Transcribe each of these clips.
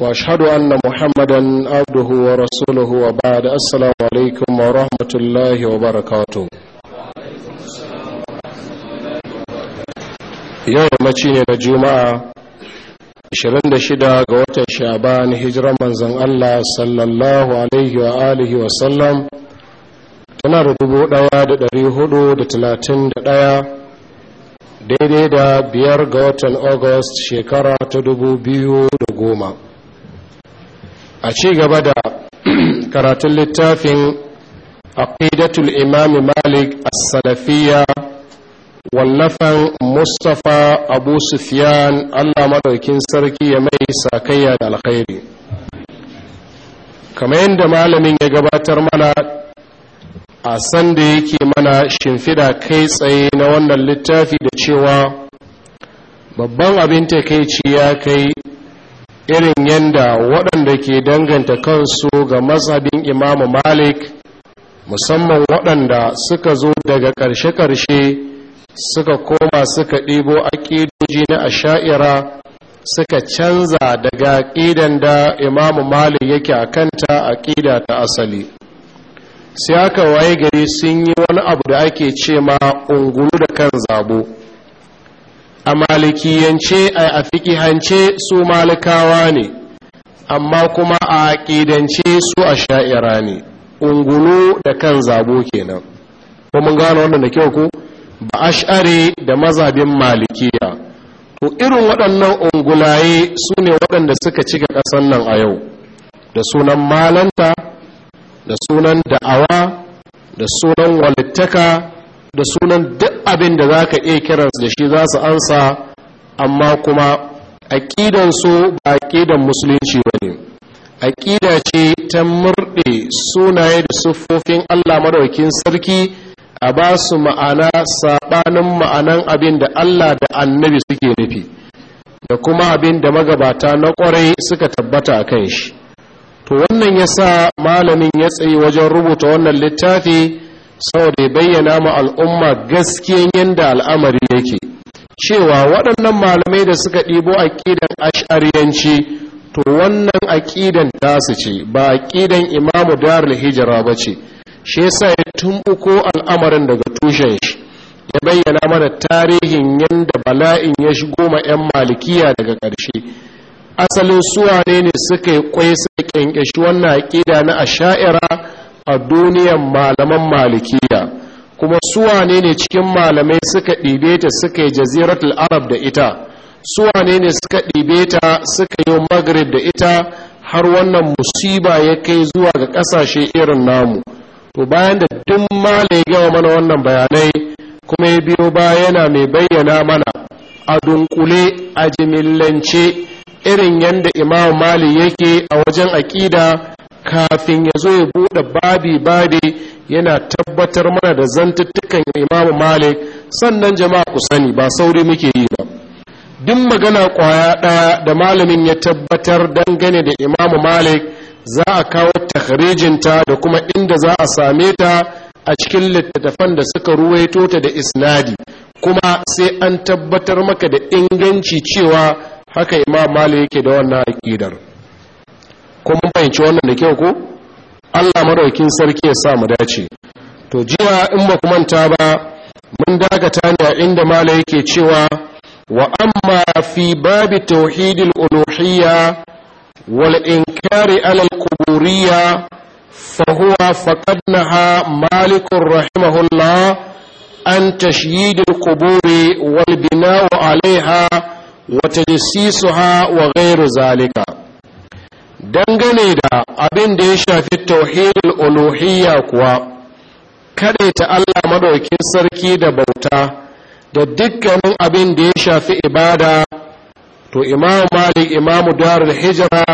واشهد ان محمدا عبده ورسوله وبعد السلام عليكم ورحمه الله وبركاته yau mace ne na juma'a 26 ga watan sha'ban hijiran manzon Allah sallallahu alaihi wa alihi wa sallam tana da dubu da da da dari hudu talatin 1431 daidai da biyar ga watan august shekara ta dubu biyu da goma a ci gaba da karatun littafin aqidatul imam malik as-salafiyya wallafan mustapha abu sufyan allah madaukin sarki ya mai sakayya da alkhairi kamar yadda malamin ya gabatar mana a sanda yake mana shimfida kai tsaye na wannan littafi da cewa babban abin takaici ya kai irin yadda waɗanda ke danganta kansu ga mazhabin imamu malik musamman waɗanda suka zo daga ƙarshe-ƙarshe suka koma suka ɗibo aƙidoji na asha'ira suka canza daga ƙidan da imamu malik yake a kanta aƙida ta asali sai aka waye gari sun yi wani abu da ake ce ma ungulu da kan zabo a malikiyance a fikihance su malikawa ne amma kuma a aƙidance su a sha'ira ne ungulu da kan zabo kenan ko mun gano wannan da kyau ko ba ash'ari da mazabin malikiya to irin waɗannan ungulaye su ne waɗanda suka cika ƙasar nan a yau da sunan malanta da sunan da'awa da sunan walittaka da sunan duk abin da za ka iya kiransu da shi za su ansa amma kuma aƙidansu ba aƙidan musulunci ba ne aƙida ce ta murɗe sunaye da siffofin allah maɗaukin sarki a ba su ma'ana saɓanin ma'anan abin da allah da annabi suke nufi da kuma abin da magabata na ƙwarai suka tabbata a kan shi to wannan ya sa malamin ya tsaye wajen rubuta wannan littafi saboda ya bayyana ma al'umma gaskiyan yadda al'amari yake cewa waɗannan malamai da suka ɗibo aƙidan ash'ariyanci to wannan aƙidan tasu ce ba aƙidan imamu darul hijira ba ce shi yasa ya tumbuko al'amarin daga tushen shi ya bayyana mana tarihin yadda bala'in ya shigo ma 'yan malikiya daga ƙarshe asalin suwa ne ne suka yi kwai suka ƙyanƙyashi wannan aƙida na asha'ira a duniyan malaman malikiya kuma suwa ne cikin malamai suka ɗibe ta suka yi jaziratul arab da ita suwa ne suka ɗibe ta suka yi maghrib da ita har wannan musiba ya kai zuwa ga ƙasashe irin namu to bayan da duk mala ya gama mana wannan bayanai kuma ya biyo ba yana mai bayyana mana a dunkule a jimillance irin yadda imam mali yake a wajen aƙida kafin ya zo ya buɗe babi-babi yana tabbatar mana da zantattukan imam malik sannan jama'a ku sani ba sauri muke yi ba duk magana ƙwaya ɗaya da malamin ya tabbatar dangane da imam malik za a kawo takharijinta da kuma inda za a same ta a cikin littattafan da suka ruwaito ta da isnadi kuma sai an tabbatar maka da inganci cewa haka imam malik yake da wannan aƙidar. ko mun fahimci wannan da kyau ko allah madaukin sarki ya sa mu dace to jiya in ba ku manta ba mun dakata ne a inda mala yake cewa wa amma fi babi tauhidil uluhiyya wal inkari alal kuburiyya faqadnaha malikur rahimahullah an رحمه الله wal bina'u alaiha wa tajsisuha wa وغير Zalika. dangane da abin da ya shafi tauhidul uluhiyya kuwa ta Allah madaukin sarki da bauta da dukkanin abin da ya shafi ibada to imam malik imamu darul hijira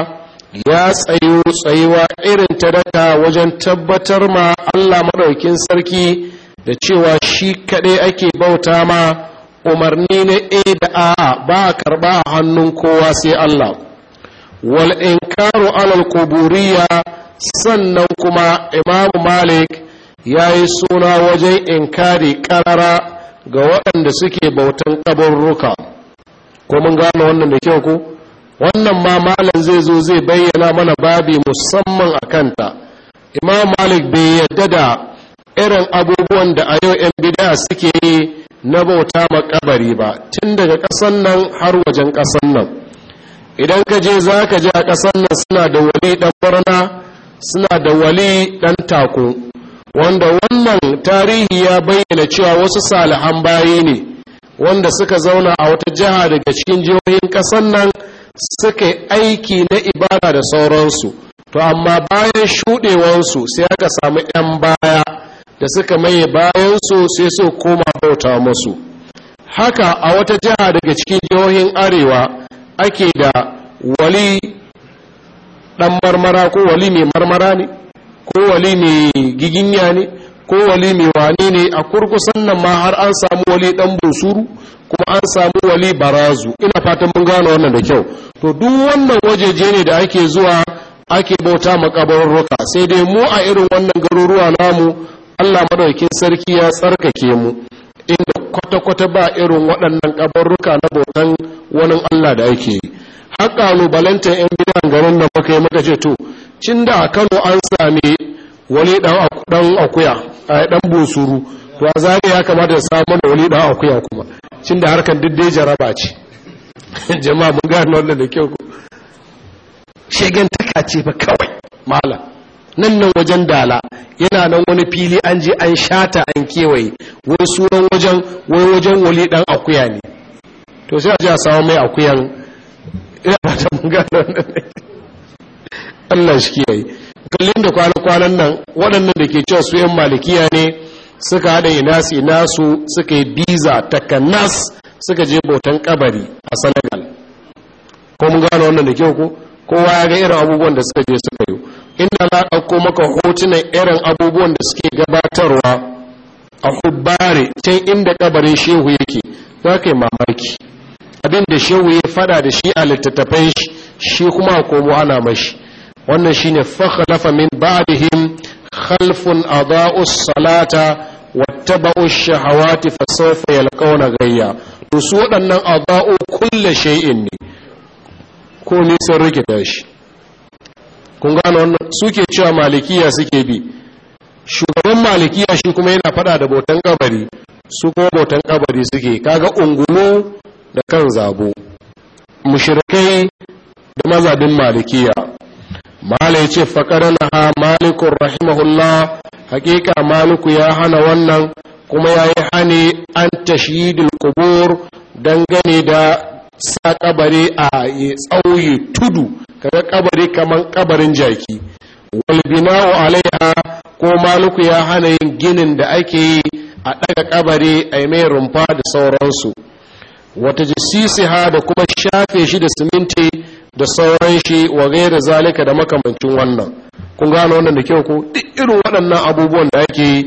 ya tsayu tsayuwa irin ta daka wajen tabbatar ma Allah madaukin sarki da cewa shi kaɗai ake bauta ma umarni na a eh da a ba a karɓa a hannun kowa sai Allah wal inkaru alal kuburiya sannan kuma imam malik ya yi suna wajen inkari karara ga waɗanda suke bautan ƙabarruka. ko mun gano wannan da kyau ko wannan ma malam zai zo zai bayyana mana babi musamman a kanta imam malik bai yadda da irin abubuwan da a yau 'yan bida suke yi na bauta makabari ba tun daga ƙasan nan har wajen ƙasan nan idan ka je za ka je a ƙasar nan suna da wali ɗan barna suna da wali ɗan tako wanda wannan tarihi ya bayyana cewa wasu salihan bayi ne wanda suka zauna a wata jiha daga cikin jihohin ƙasar nan suka aiki na ibada da sauransu to amma bayan shuɗewansu sai aka samu 'yan baya da suka maye bayansu sai su koma bauta musu haka a wata jiha daga cikin jihohin arewa ake da wali ɗan marmara ko wali mai marmara ne ko wali mai giginya ne ko wali mai wane ne a kurkusan nan ma har an samu wali ɗan busuru kuma an samu wali barazu ina fatan mun gane wannan da kyau to duk wannan wajeje ne da ake zuwa ake bauta makabarurruka sai dai mu a irin wannan garuruwa namu Allah madaukin sarki ya tsarkake mu inda kwata-kwata ba irin waɗannan ƙabarruka na botan wani Allah da ake yi haka lubalanta 'yan bidan garin da muka yi muka ce to cin da a kano an sami wani ɗan akuya a ɗan busuru to a zane ya kamata da samu da wani ɗan akuya kuma cin da harkar diddai jaraba ce jama'a mun gane wannan da kyau shegen taka ce ba kawai malam nan nan wajen dala yana nan wani fili an je an shata an kewaye wai sunan wajen wai wajen wali dan akuya ne to sai a ji a samu mai akuyan ina ba ta mun gano Allah shi kiyaye kallin da kwana-kwanan nan waɗannan da ke cewa su yan malikiya ne suka haɗa inasi nasu suka yi biza takanas suka je bautan kabari a senegal ko mun gano wannan da kyau ko kowa ya ga irin abubuwan da suka je suka yi in na ɗauko maka hotunan irin abubuwan da suke gabatarwa a hubbare can inda kabarin shehu yake za ka yi mamaki abin da shehu ya fada da shi a littattafai shi kuma a komo ana mashi wannan shi shine fakhalafa min ba'dihim khalfun adha'u salata wattaba'u shahawati fasawfa yalqawna gayya to su waɗannan adha'u kullu shay'in ne ko ne sun rike shi kun gano wannan suke cewa malikiya suke bi shugaban malikiya shi kuma yana fada da botan kabari su kuma botan kabari suke kaga ungulu da kan zabo mushrikai da mazabin malikiya malai ya ce na ha malikun rahimahullah hakika maliku ya hana wannan kuma ya yi hane an tashidil kubur dangane da sa kabari a tsauye tudu kaga kabari kaman kabarin jaki wal bina'u alaiha ko maluku ya hana yin ginin da ake yi a daga kabari ai mai rumfa da sauransu wata ha da kuma shafe shi da siminti da sauran shi wa gaira zalika da makamancin wannan kun gano wannan da kyau ko duk irin waɗannan abubuwan da ake yi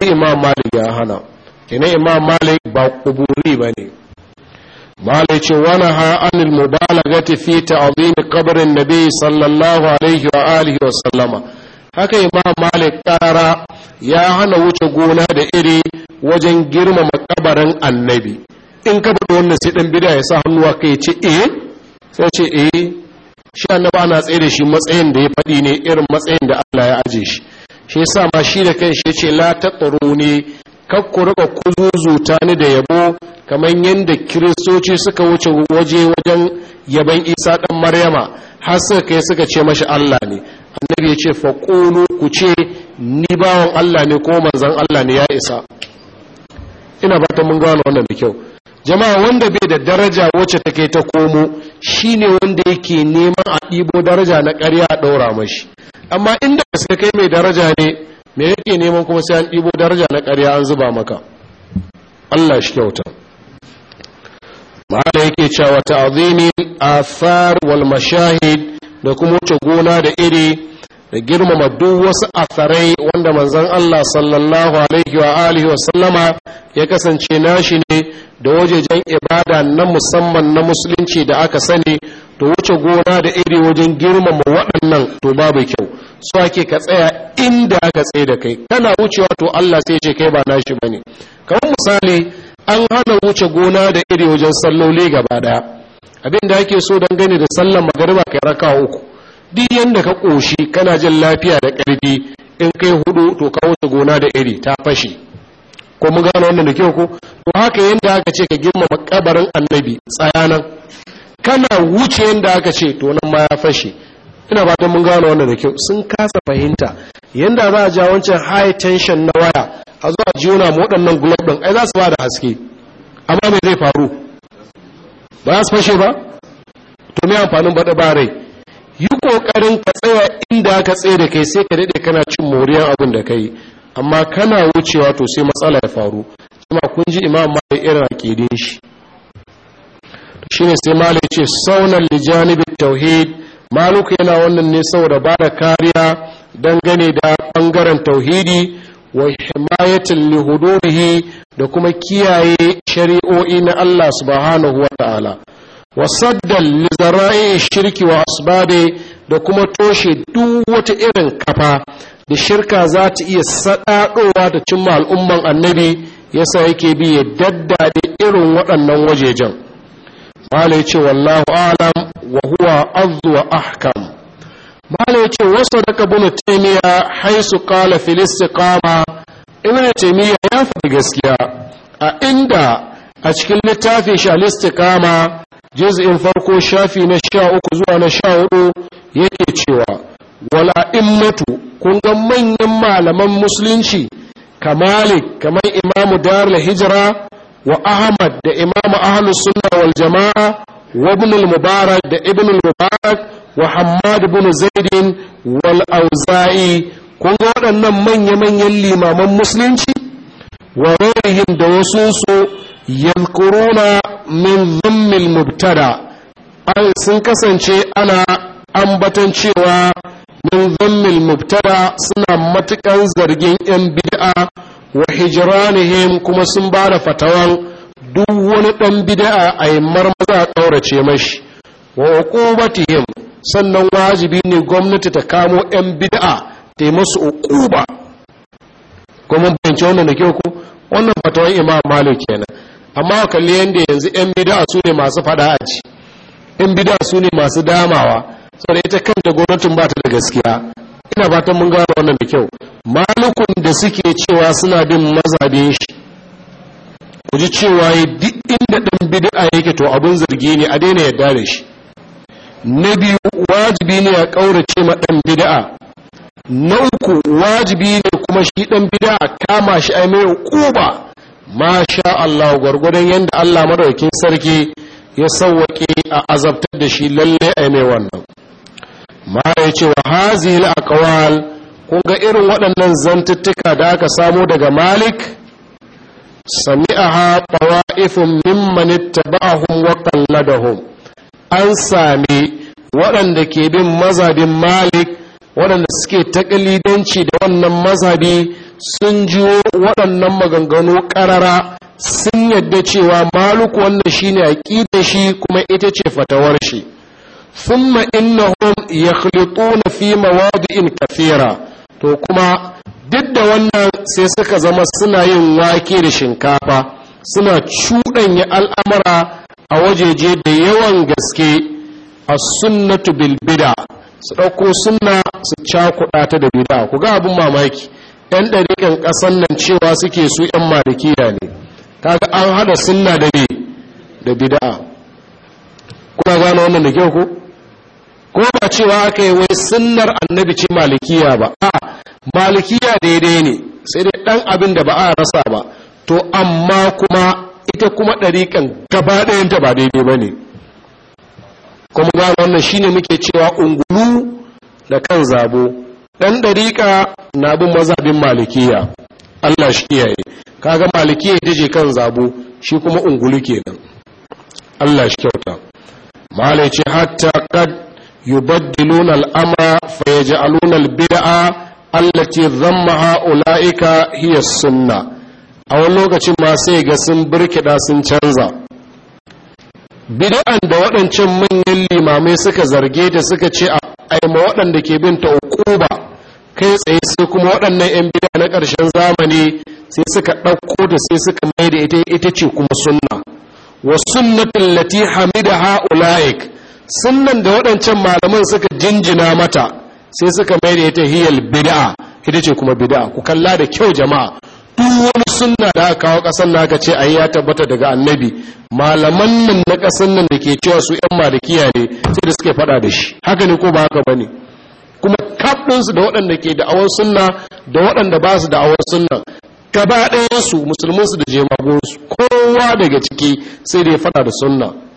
da imam malik ya hana kenan imam malik ba kuburi ba ne malai ce wani ha'anil mubalagati ta ta'azim kabarin nabi sallallahu alaihi wa alihi wa sallama haka imam malik kara ya hana wuce gona da iri wajen girmama kabarin annabi in ka bada wannan sai ɗan bid'a ya sa hannuwa kai ce eh sai ce eh shi annabi ana tsaye da shi matsayin da ya faɗi ne irin matsayin da Allah ya aje shi shi yasa ma shi da kanshi ce la ne. kakku rika kuzuzuta ni da yabo kamar yadda kiristoci suka wuce waje wajen yaban isa ɗan maryama har suka kai suka ce mashi allah ne annabi ya ce faƙulu ku ce ni bawan allah ne ko manzan allah ne ya isa ina fatan mun gano wannan da kyau jama'a wanda bai da daraja wacce ta kai ta komo shine wanda yake neman a ɗibo daraja na ƙarya a ɗaura mashi amma inda suka kai mai daraja ne me yake neman kuma sai an ɗibo daraja na ƙarya an zuba maka Allah shi kyauta ma'ana yake cewa ta'azini athar wal mashahid da kuma wuce gona da iri da girmama duk wasu atharai wanda manzon Allah sallallahu alaihi wa alihi wa sallama ya kasance nashi ne da wajejen ibada na musamman na musulunci da aka sani to wuce gona da iri wajen girmama waɗannan to babu kyau su ake ka tsaya inda aka tsaye da kai kana wucewa to Allah sai ce kai ba nashi bane kamar misali an hana wuce gona da iri wajen salloli gaba daya abin da ake so gani da sallar magariba kai raka uku duk yanda ka koshi kana jin lafiya da ƙarfi in kai hudu to ka wuce gona da iri ta fashe ko mu gano wannan da kyau ko to haka yanda aka ce ka girmama kabarin annabi tsayanan kana wuce yadda aka ce to nan ma ya fashe ina ba mun gano wannan da kyau sun kasa fahimta yadda za a ja wancan high tension na waya a zo a juna mu waɗannan globe ɗin ai za su ba da haske amma mai zai faru ba za su fashe ba to me amfanin da ba rai yi ƙoƙarin ka tsaya inda aka tsaye da kai sai ka daɗe kana cin moriyar abin da ka amma kana wucewa to sai matsala ya faru kuma kun ji imam mai irin akidin shi shine sai malik ce saunan lijanibi tauhid maluku yana wannan ne saboda ba da kariya dangane da bangaren tauhidi wa himayatin lihudurihi da kuma kiyaye shari'o'i na Allah subhanahu wa ta'ala li zara'i shirki wa asbabe da kuma toshe duk wata irin kafa da shirka za ta iya sadadowa da cimma al'umman annabi yasa yake bi ya daddade irin waɗannan wajejen mala ya ce wallahu alam wa huwa azzu ahkam mala ya ce wasu daga bin taimiyya haisu kala filisti kama da taimiyya ya fi gaskiya a inda a cikin littafin shi al-istiqama juz'in farko shafi na sha uku zuwa na sha hudu yake cewa in a'immatu kun ga manyan malaman musulunci kamalik kamar imamu darul hijira wa ahmad da imamu ahlus sunna wal jama'a wa ibn al mubarak da ibn al mubarak wa hammad ibn zaid wal auza'i kun ga waɗannan manya-manyan limaman musulunci wa raihim da wasu su yadkuruna min dhammil mubtada sun kasance ana ambatan cewa min zammil mubtada suna matukan zargin 'yan bid'a wa hijranihim kuma sun ba da fatawan duk wani ɗan bid'a a yimmar maza a mashi wa uqubatihim sannan wajibi ne gwamnati ta kamo 'yan bid'a ta yi masu uquba kuma bayanci wannan da kyau ku wannan fatawan imam malik kenan amma kalli yanda yanzu 'yan bid'a su ne masu fada a ci 'yan bid'a su ne masu damawa saboda ita kanta gwamnatin ba ta da gaskiya ina fatan mun gano wannan da kyau malukun da suke cewa suna bin mazabin shi ku ji cewa duk inda ɗan bid'a yake to abin zargi ne a daina yarda da shi na biyu wajibi ne a ƙaurace ma ɗan bid'a na uku wajibi ne kuma shi ɗan bid'a kama shi a mai ƙuba ma sha Allah gwargwadon yadda Allah madaukin sarki ya sauwaƙe a azabtar da shi lalle a mai wannan ma ya ce wa a kun ga irin waɗannan zantuttuka da aka samu daga malik sami'aha tawa'ifun mimman ittaba'ahum wa ladahun an sami waɗanda ke bin mazabin malik waɗanda suke taƙalidanci da wannan mazabi, sun jiwo waɗannan maganganu ƙarara sun yadda cewa maluku wannan shine aqidar shi kuma ita ce fatawar shi thumma innahum yakhlituna fi mawadi'in kathira to kuma duk da wannan sai suka zama suna yin wake da shinkafa suna cuɗanya al'amura a wajeje da yawan gaske a sunnatu bilbida su ɗauko sunna su cakuɗa ta da bida ku ga abin mamaki 'yan ɗariƙin ƙasan nan cewa suke su 'yan malikiya ne kaga an hada sunna da ne da bid'a kuna gane wannan da kyau ko ko ba cewa aka yi wai sunnar annabi ce malikiya ba a malikiya daidai ne sai dai ɗan abin da ba a rasa ba to amma kuma ita kuma ɗariƙan gaba ɗayanta ba daidai ba ne kuma ga wannan shine muke cewa ungulu da kan zabo ɗan ɗariƙa na bin mazabin malikiya allah shi kiyaye kaga malikiya ita je kan zabo shi kuma ungulu kenan allah shi kyauta malai ce hatta kad yubaddiluna al'amra fa yaj'aluna al-bid'a allati zammaha ula'ika hiya sunna a wani lokacin ma sai ga sun birkida sun canza bid'an da waɗancan manyan limamai suka zarge ta suka ce a aima waɗanda ke bin ta uquba kai tsaye sai kuma waɗannan yan bid'a na ƙarshen zamani sai suka ɗauko da sai suka mai da ita ita ce kuma sunna wa sunnatul lati hamidaha ula'ik sunnan da waɗancan malaman suka jinjina mata sai suka mai da ita hiyar bid'a ita ce kuma bid'a ku kalla da kyau jama'a duk wani sunna da aka kawo kasan na ce ayi ya tabbata daga annabi malaman nan na kasan nan da ke cewa su yan malikiya ne sai da suke fada da shi haka ne ko ba haka bane kuma kafin da waɗanda ke da awon sunna da waɗanda ba su da awon sunna gaba ɗayan su musulmansu da jemagun su kowa daga ciki sai da ya fada da sunna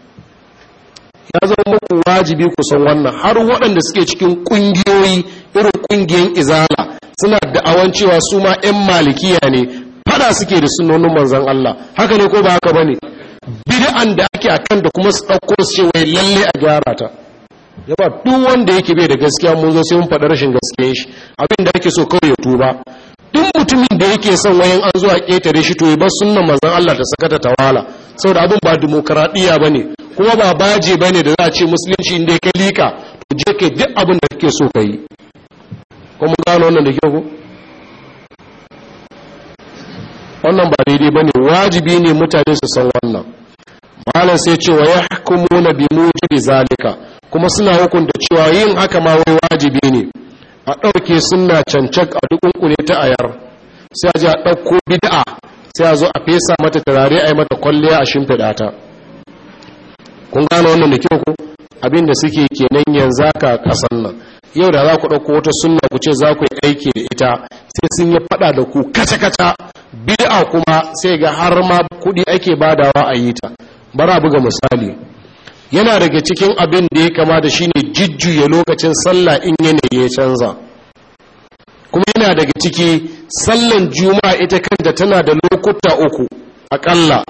ya zama muku wajibi ku san wannan har waɗanda suke cikin ƙungiyoyi irin ƙungiyar izala suna awan cewa su ma 'yan malikiya ne fada suke da sunonin manzan Allah haka ne ko ba haka bane bid'an da ake akan da kuma su ɗauko su ce wai lalle a gyara ta yaba duk wanda yake bai da gaskiya mun zo sai mun faɗa rashin gaskiya shi abin da ake so kawai ya tuba duk mutumin da yake son wayan an zuwa ƙetare shi to ya bar sunnan manzan Allah ta sakata tawala saboda abin ba dimokuraɗiyya bane kuma ba baje bane da za a ce musulunci inda ka lika to je ke duk abin da kake so kai kuma gano wannan da kyau ko wannan ba daidai bane wajibi ne mutane su san wannan malam sai ce wa yahkumuna bi mujibi zalika kuma suna hukunta cewa yin haka ma wai wajibi ne a ɗauke sunna cancak a duk dukunkune ta ayar sai a ji a ɗauko bid'a sai a zo a fesa mata turare a yi mata kwalliya a shimfiɗa ta kun gano wannan da kyau ko abinda suke kenan yanzu ka kasan nan yau da za ku ɗauko wata sunna ku ce za ku yi aiki da ita sai sun yi faɗa da ku kaca-kaca bid'a kuma sai ga har ma kuɗi ake badawa a yi ta bara buga misali yana daga cikin abin da ya kama da shine jijjuya lokacin sallah in yanayi ya canza kuma yana daga ciki sallan juma'a ita kanta tana da lokuta uku akalla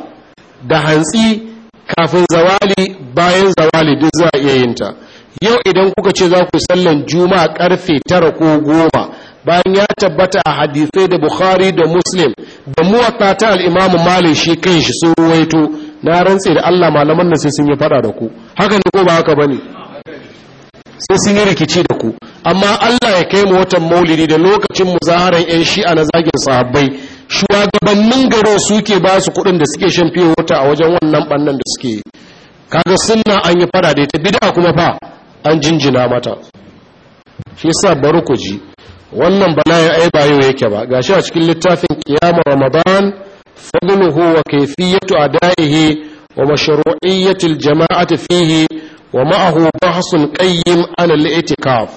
da hantsi kafin zawali bayan zawali duk za a iya yin ta yau idan kuka ce za ku sallan juma'a karfe tara ko goma bayan ya tabbata a hadisai da bukhari da muslim da muwatta ta al'imamu malik shi kan shi sun ruwaito na rantse da allah malaman nan sai sun yi fada da ku haka ne ko ba haka bane sai sun yi rikici da ku amma allah ya kai mu watan maulidi da lokacin muzaharar yan shi'a na zagin sahabbai shugabannin garin suke ba su kudin da suke shan fiye wata a wajen wannan bannan da suke kaga sunna an yi fara da ita bid'a kuma ba an jinjina mata shi yasa bari ku ji wannan bala'in ai ba yau yake ba gashi a cikin littafin kiyama ramadan fadluhu wa kayfiyatu adaihi wa mashru'iyyatu aljama'ati fihi wa ma'ahu bahsun qayyim an al-i'tikaf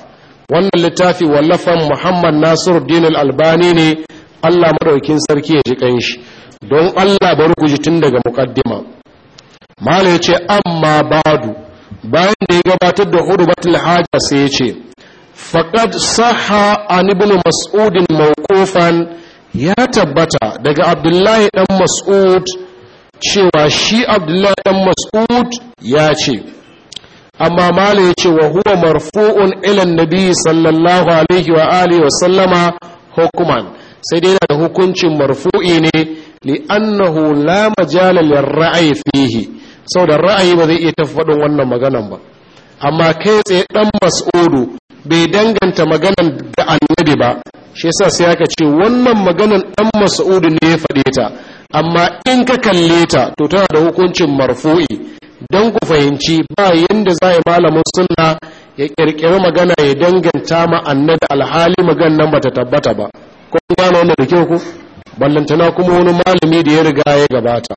wannan littafi wallafan Muhammad Nasiruddin al-Albani ne Allah madaukin sarki ya ji kanshi don Allah bar ku tun daga muqaddima mala ce amma badu bayan da ya gabatar da hurubatul haja sai ya yace faqad sahha an ibn mas'ud mawqufan ya tabbata daga abdullahi dan mas'ud cewa shi abdullahi dan mas'ud ya ce amma mala ya ce wa huwa marfu'un ila nabi sallallahu alaihi wa alihi wa sallama hukuman sai dai yana da hukuncin marfu'i ne li'annahu la majala lir ra'ayi fihi saboda ra'ayi ba zai iya tafadin wannan maganan ba amma kai tsaye ɗan mas'udu bai danganta maganan ga annabi ba shi yasa sai aka ce wannan maganan dan mas'udu ne ya faɗe ta amma in ka kalle ta to tana da hukuncin marfu'i don ku fahimci ba yadda za a malamin sunna ya kirkiri magana ya danganta ma annabi alhali maganan ba ta tabbata ba ko gano wannan da kyau ku ballantana kuma wani malami da ya riga ya gabata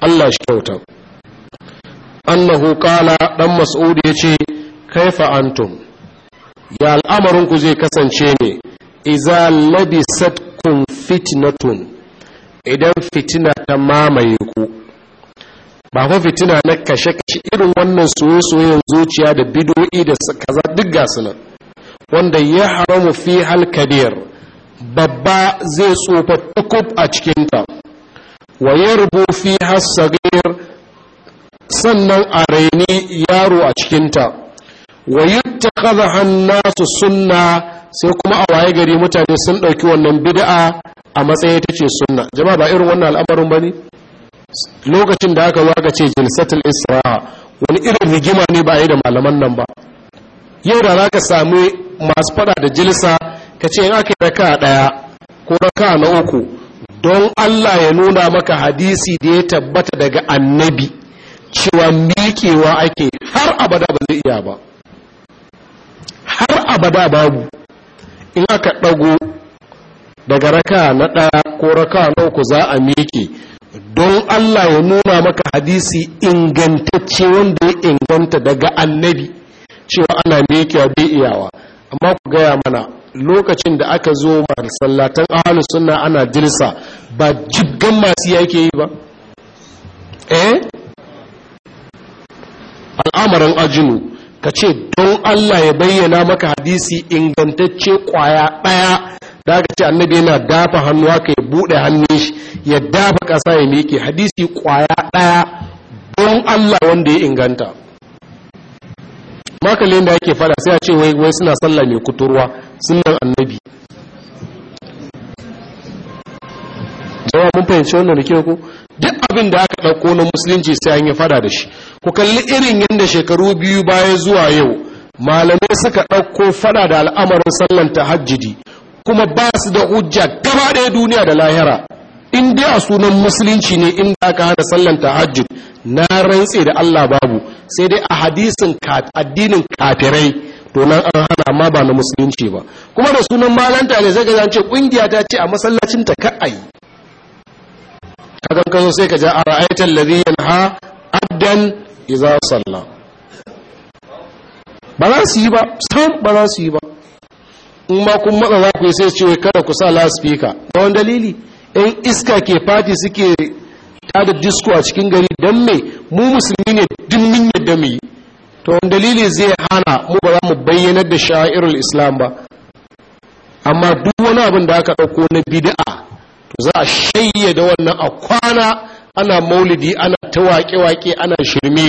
Allah shi kyauta annahu qala dan mas'ud yace kaifa antum ya al'amarin ku zai kasance ne iza labisatkum fitnatun idan fitina ta mamaye ku ba ko fitina na kashe-kashe irin wannan soye-soyen zuciya da bido'i da kaza duk gasu nan wanda ya haramu fi halkadir babba zai tsofa tukub a cikinta wa yarbu fi hasagir sannan a raini yaro a cikinta wa yuttakhadha hannasu sunna sai kuma a waye gari mutane sun ɗauki wannan bida'a a matsayi ta ce sunna jama'a ba irin wannan al'amarin ba ne lokacin da aka waka ce jilsatul isra'a wani irin rigima ne ba a yi da malaman nan ba yau da za ka sami masu fada da jilsa ka ce in aka yi raka ɗaya ko raka na uku don allah ya nuna maka hadisi da ya tabbata daga annabi cewa miƙewa ake har abada ba zai iya ba har abada babu in aka ɗago daga raka na ɗaya ko raka na uku za a miƙe don allah ya nuna maka hadisi ingantacce wanda ya inganta daga annabi cewa ana miƙewa bai iyawa amma ku gaya mana lokacin da aka zo masallatan ahalus sunna ana jilsa ba jibgan masu yake yi ba eh al'amarin ajinu ka ce don Allah ya bayyana maka hadisi ingantacce kwaya ɗaya da aka ce annabi yana dafa hannu haka ya buɗe hannun shi ya dafa ƙasa ya miƙe hadisi kwaya ɗaya don Allah wanda ya inganta makalin da yake fada sai a ce wai wai suna sallah mai kuturwa sunan annabi jama'a mun fahimci wannan da ku duk abin da aka ɗauko na musulunci sai an yi fada da shi ku kalli irin yadda shekaru biyu baya zuwa yau malamai suka ɗauko fada da al'amarin sallan tahajjudi kuma ba su da hujja gaba ɗaya duniya da lahira in dai a sunan musulunci ne in da aka hana sallan tahajjud na rantse da Allah babu sai dai a hadisin addinin kafirai to nan an hana amma ba na musulunci ba kuma da sunan malanta ne zai ga ce kungiya ta ce a masallacin ta ka ayi kaga kazo sai ka ja a ra'aitan ladhi yanha addan idza salla ba za su yi ba sam ba za su yi ba in ma kun matsa za ku yi sai ce kada ku sa speaker da wani dalili 'yan iska ke fati suke tada disko a cikin gari don me mu musulmi ne duk min yadda mu yi to wani dalili zai hana mu ba za mu bayyanar da sha'irul islam ba amma duk wani abin da aka ɗauko na bid'a to za a shayyada wannan a kwana ana maulidi ana ta waƙe-waƙe ana shirme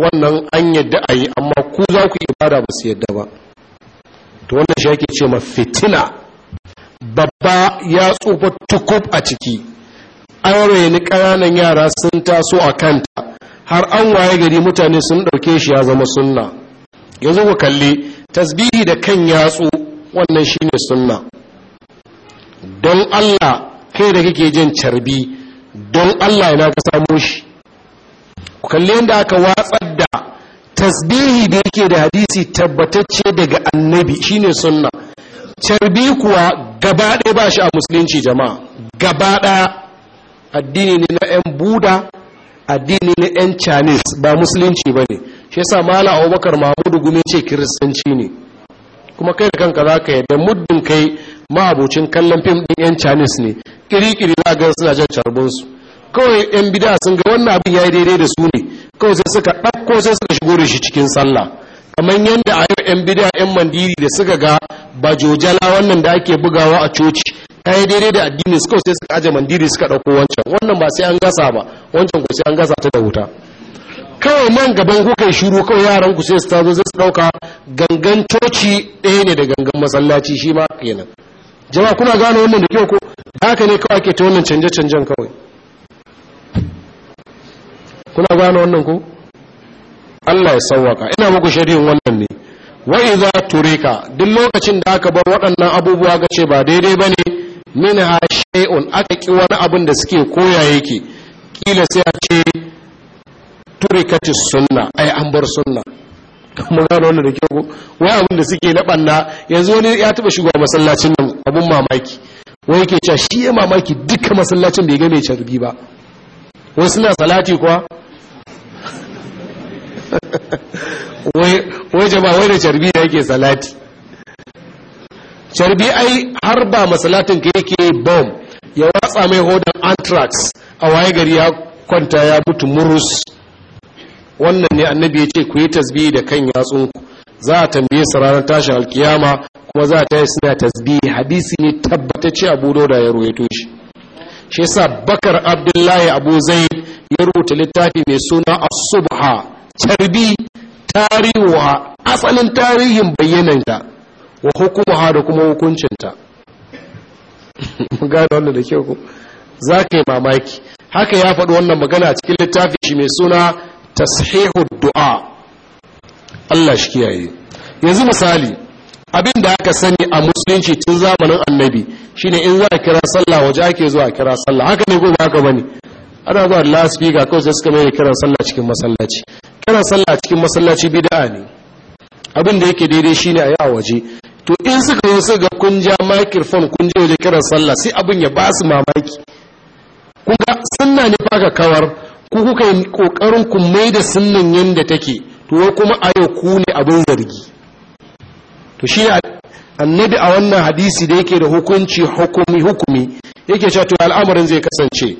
wannan an yadda a yi amma ku za ku ibada ba su yadda ba to wannan shi ake ce ma fitina babba ya tsufa tukub a ciki an raini ƙananan yara sun taso a kanta har an waye gari mutane sun ɗauke shi ya zama sunna yanzu ku kalli tasbihi da kan yatsu wannan shine sunna don allah kai da kake jin carbi don allah yana ka samo shi ku kalli yadda aka watsar da tasbihi da yake da hadisi tabbatacce daga annabi shine sunna carbi kuwa gaba ɗaya ba shi a musulunci jama'a gaba ɗaya addini ne na 'yan buda addini na 'yan chinese ba musulunci ba ne shi yasa mala abubakar mahmudu gumi ce kiristanci ne kuma kai da kanka za ka yi da muddin kai ma'abocin kallon fim ɗin 'yan chinese ne kiri-kiri za ga suna jan carbinsu kawai 'yan bida sun ga wannan abin ya yi daidai da su ne kawai sai suka ɗauko sai suka shigo da shi cikin sallah kamar yadda a yau 'yan bida 'yan mandiri da suka ga bajojala wannan da ake bugawa a coci ta yi daidai da addini suka sai suka aje mandiri suka ɗauko wancan wannan ba sai an gasa ba wancan ku sai an gasa ta da wuta kawai man gaban ku kai shiru kawai yaran ku sai su tazo zai su ɗauka gangan coci ɗaya ne da gangan masallaci shi ma kenan jama kuna gane wannan da kyau ko haka ne kawai ake ta wannan canje-canjen kawai kuna gane wannan ko Allah ya sauwaka ina muku shari'in wannan ne wa ture turika duk lokacin da aka bar waɗannan abubuwa ga ce ba daidai ba ne bane ha shay'un aka ki wani abin da suke koya yake kila sai a ce turikati sunna ai an bar sunna mun gano wannan da ke ku. wai abin da suke na banna yanzu wani ya taba shigo masallacin nan abun mamaki wai yake cewa shi ya mamaki duka masallacin bai ga mai carbi ba wasu suna salati kuwa wai jama'a wai da carbi yake salati carbi ai har ba masalatin ka yake bom ya watsa mai hodan anthrax a waye gari ya kwanta ya mutu murus wannan ne annabi ya ce ku yi tasbihi da kan yatsun ku za a tambaye su ranar tashin alkiyama kuma za ta yi suna tasbi hadisi ne tabbatacce abu da ya ruwaito shi shi yasa bakar abdullahi abu zai ya rubuta littafi mai suna as-subha carbi tarihuwa asalin tarihin bayyananta wa hukumuha da kuma hukuncinta gane wannan da kyau za ka yi mamaki haka ya faɗi wannan magana cikin littafin shi mai suna tashihu du'a Allah shi kiyaye yanzu misali abin da aka sani a musulunci tun zamanin annabi shine in za a kira sallah waje ake zuwa kira sallah haka ne ko ba haka bane ana zuwa a kawai sai suka mai kiran sallah cikin masallaci kana sallah cikin masallaci bid'a ne abin da yake daidai shine a yi a waje to in suka zo suka ga kun ja microphone kun je waje kiran sallah sai abin ya ba su mamaki kun ga sunna ne fa ka kawar ku kuka yi kokarin ku mai da sunnan yanda take to kuma a ku ne abin zargi to shi annabi a wannan hadisi da yake da hukunci hukumi hukumi yake cewa to al'amarin zai kasance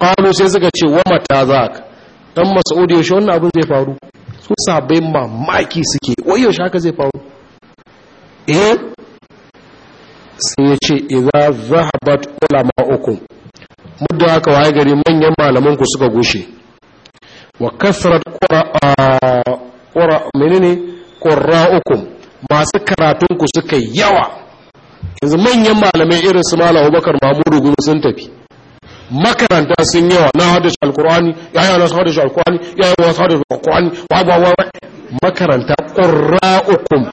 qalu sai suka ce wa mata zaka dan mas'udi yaushe wannan abin zai faru su sabai mamaki suke wai yaushe haka zai faru eh sai ya ce idza zahabat ulama'ukum mudda haka waye gari manyan malaman ku suka gushe wa kasrat qura menene qurra'ukum masu karatun ku suka yawa yanzu manyan malamai irin su malam bakar Mamudu gumi sun tafi makaranta sun yawa na shi alkur'ani ya yi wasu shi alkur'ani ya yi wasu shi alkur'ani wa ba wa makaranta ƙura ukun.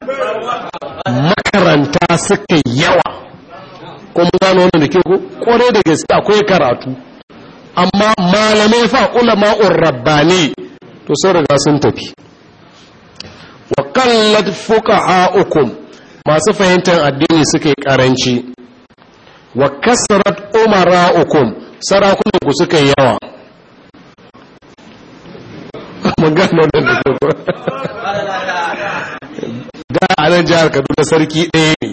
makaranta suka yawa kuma gano wannan da ke ku ƙware da gaske akwai karatu amma malamai fa ulama ne to sun riga sun tafi wa kallat fuqa'ukum masu fahimtar addini suka yi karanci wa kasrat umara'ukum sarakunan ku suka yawa magana da da a nan jihar kaduna sarki ɗaya ne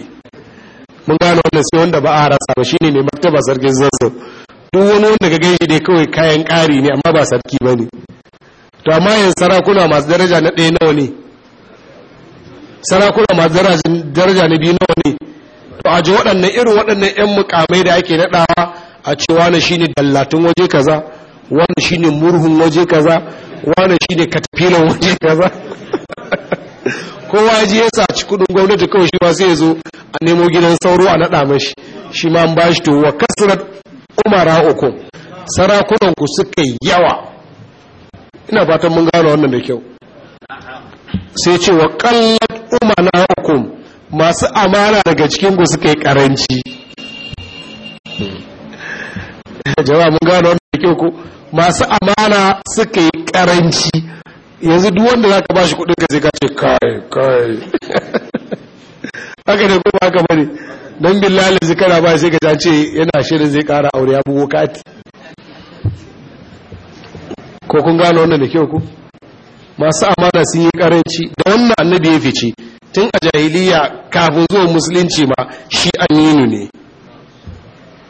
mun gano wannan sai wanda ba a rasa ba shine mai martaba sarkin zazzau duk wani wanda ga gaishe dai kawai kayan ƙari ne amma ba sarki ba ne to amma yin sarakuna masu daraja na ɗaya nawa ne sarakuna masu daraja na biyu nawa ne to a ji waɗannan irin waɗannan 'yan mukamai da ake naɗawa a ce wane shine dallatin waje kaza wane shine murhun waje kaza wane shine katafilan waje kaza kowa ji ya saci kudin gwamnati kawai shi ba sai ya zo a nemo gidan sauro a naɗa mashi shi ma an ba shi to wa kasrat umara uku sarakunan ku suka yawa ina fatan mun gano wannan da kyau sai ce wa kallat umana hukum masu amana daga cikin ku suka yi karanci jama'a mun gano wanda da kyau ko masu amana suka yi karanci yanzu duk wanda za ka ba shi kudin ka sai ka ce kai kai haka ne kuma haka bane don billahi zikara ba sai ka ce yana shirin zai kara aure ya bugo kati ko kun gano wannan da kyau ku masu amana sun yi karanci da wannan annabi ya fice tun a jahiliya kafin zuwa musulunci ma shi aminu ne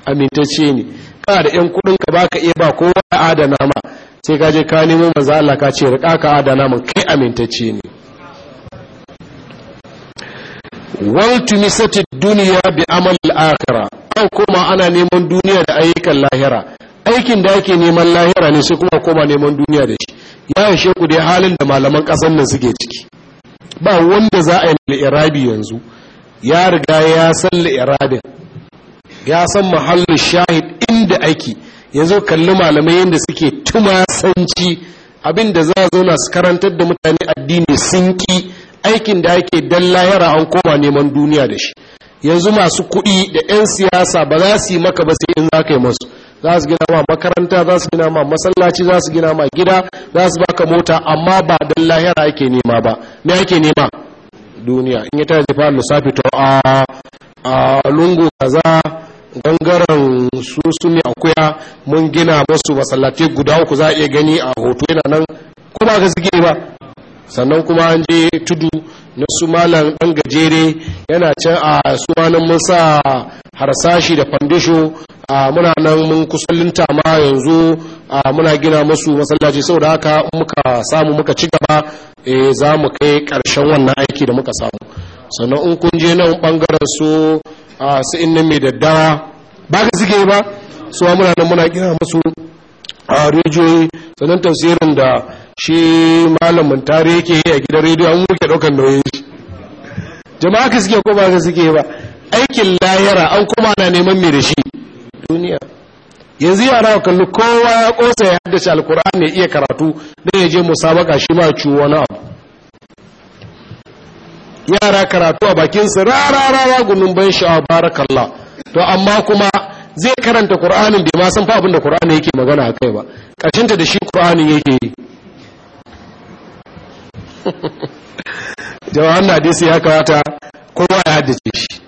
amintacce ne kana da yan kudin ka baka iya ba kowa ya adana ma sai ka je ka nemo manzo Allah ka ce rika ka adana mun kai amintacce ne wal tumisati dunya bi amal akhira au kuma ana neman duniya da ayyukan lahira aikin da ake neman lahira ne sai kuma koma neman duniya da shi ya shi ku dai halin da malaman kasan nan suke ciki ba wanda za a yi irabi yanzu ya riga ya san irabin ya san mahallin shahid inda ake yanzu kalli malamai yadda suke tumasanci abinda za a zauna su karantar da mutane addini sun ki aikin da ake dan lahira an koma neman duniya da shi yanzu masu kuɗi da 'yan siyasa ba za su yi maka ba sai in za ka yi masu za su gina ma makaranta za su gina ma masallaci za su gina ma gida za su baka mota amma ba don lahira ake nema ba me ake nema duniya in ya ta fa lissafi to a ah, ah, lungu kaza gangaren su su ne akuya mun gina masu masallatai guda uku za a iya gani a hoto yana nan kuma ga suke ba sannan kuma an je tudu na su malam ɗan gajere yana can a suwanan mun sa harsashi da fandisho a muna nan mun kusallinta ma yanzu a muna gina masu masallaci saboda haka muka samu muka ci gaba eh, za mu kai ƙarshen wannan aiki da muka samu sannan in kun je nan bangaren su a sa'in nan mai daddawa ba ka suke ba su muna nan muna gina masu a rijiyoyi sannan tasirin da shi malamin tare yake yi a gidan rediyo an muke ɗaukan nauyin shi jama'a ka suke ko ba ka suke ba aikin layara an kuma na neman mai da shi duniya yanzu yara kalli kowa ya kosa ya haddace alkur'ani ya iya karatu don ya je musabaka shi ma ciwo wani abu yara karatu a bakinsu rararara gumin ban sha'awa barakallah to amma kuma zai karanta qur'anin bai ma san fa abin da qur'ani yake magana a kai ba kashinta da shi qur'anin yake yi na hadisi ya kawata kowa ya haddace shi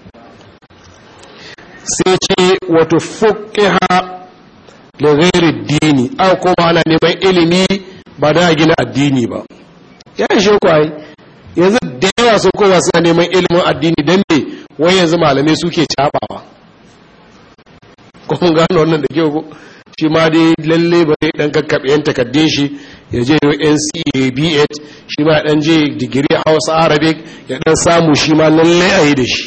sai ce wato fuqiha da ghairi dini a kuma ana neman ilimi ba da gina addini ba ya ishe ku ai yanzu da yawa sun kowa suna neman ilimin addini don ne wai yanzu malamai suke cabawa kuma gano wannan da kyau shi ma dai lalle ba zai dan kakkaɓe yan takaddun shi ya je NCA shi ma dan je digiri a Hausa Arabic ya dan samu shi ma lalle a yi da shi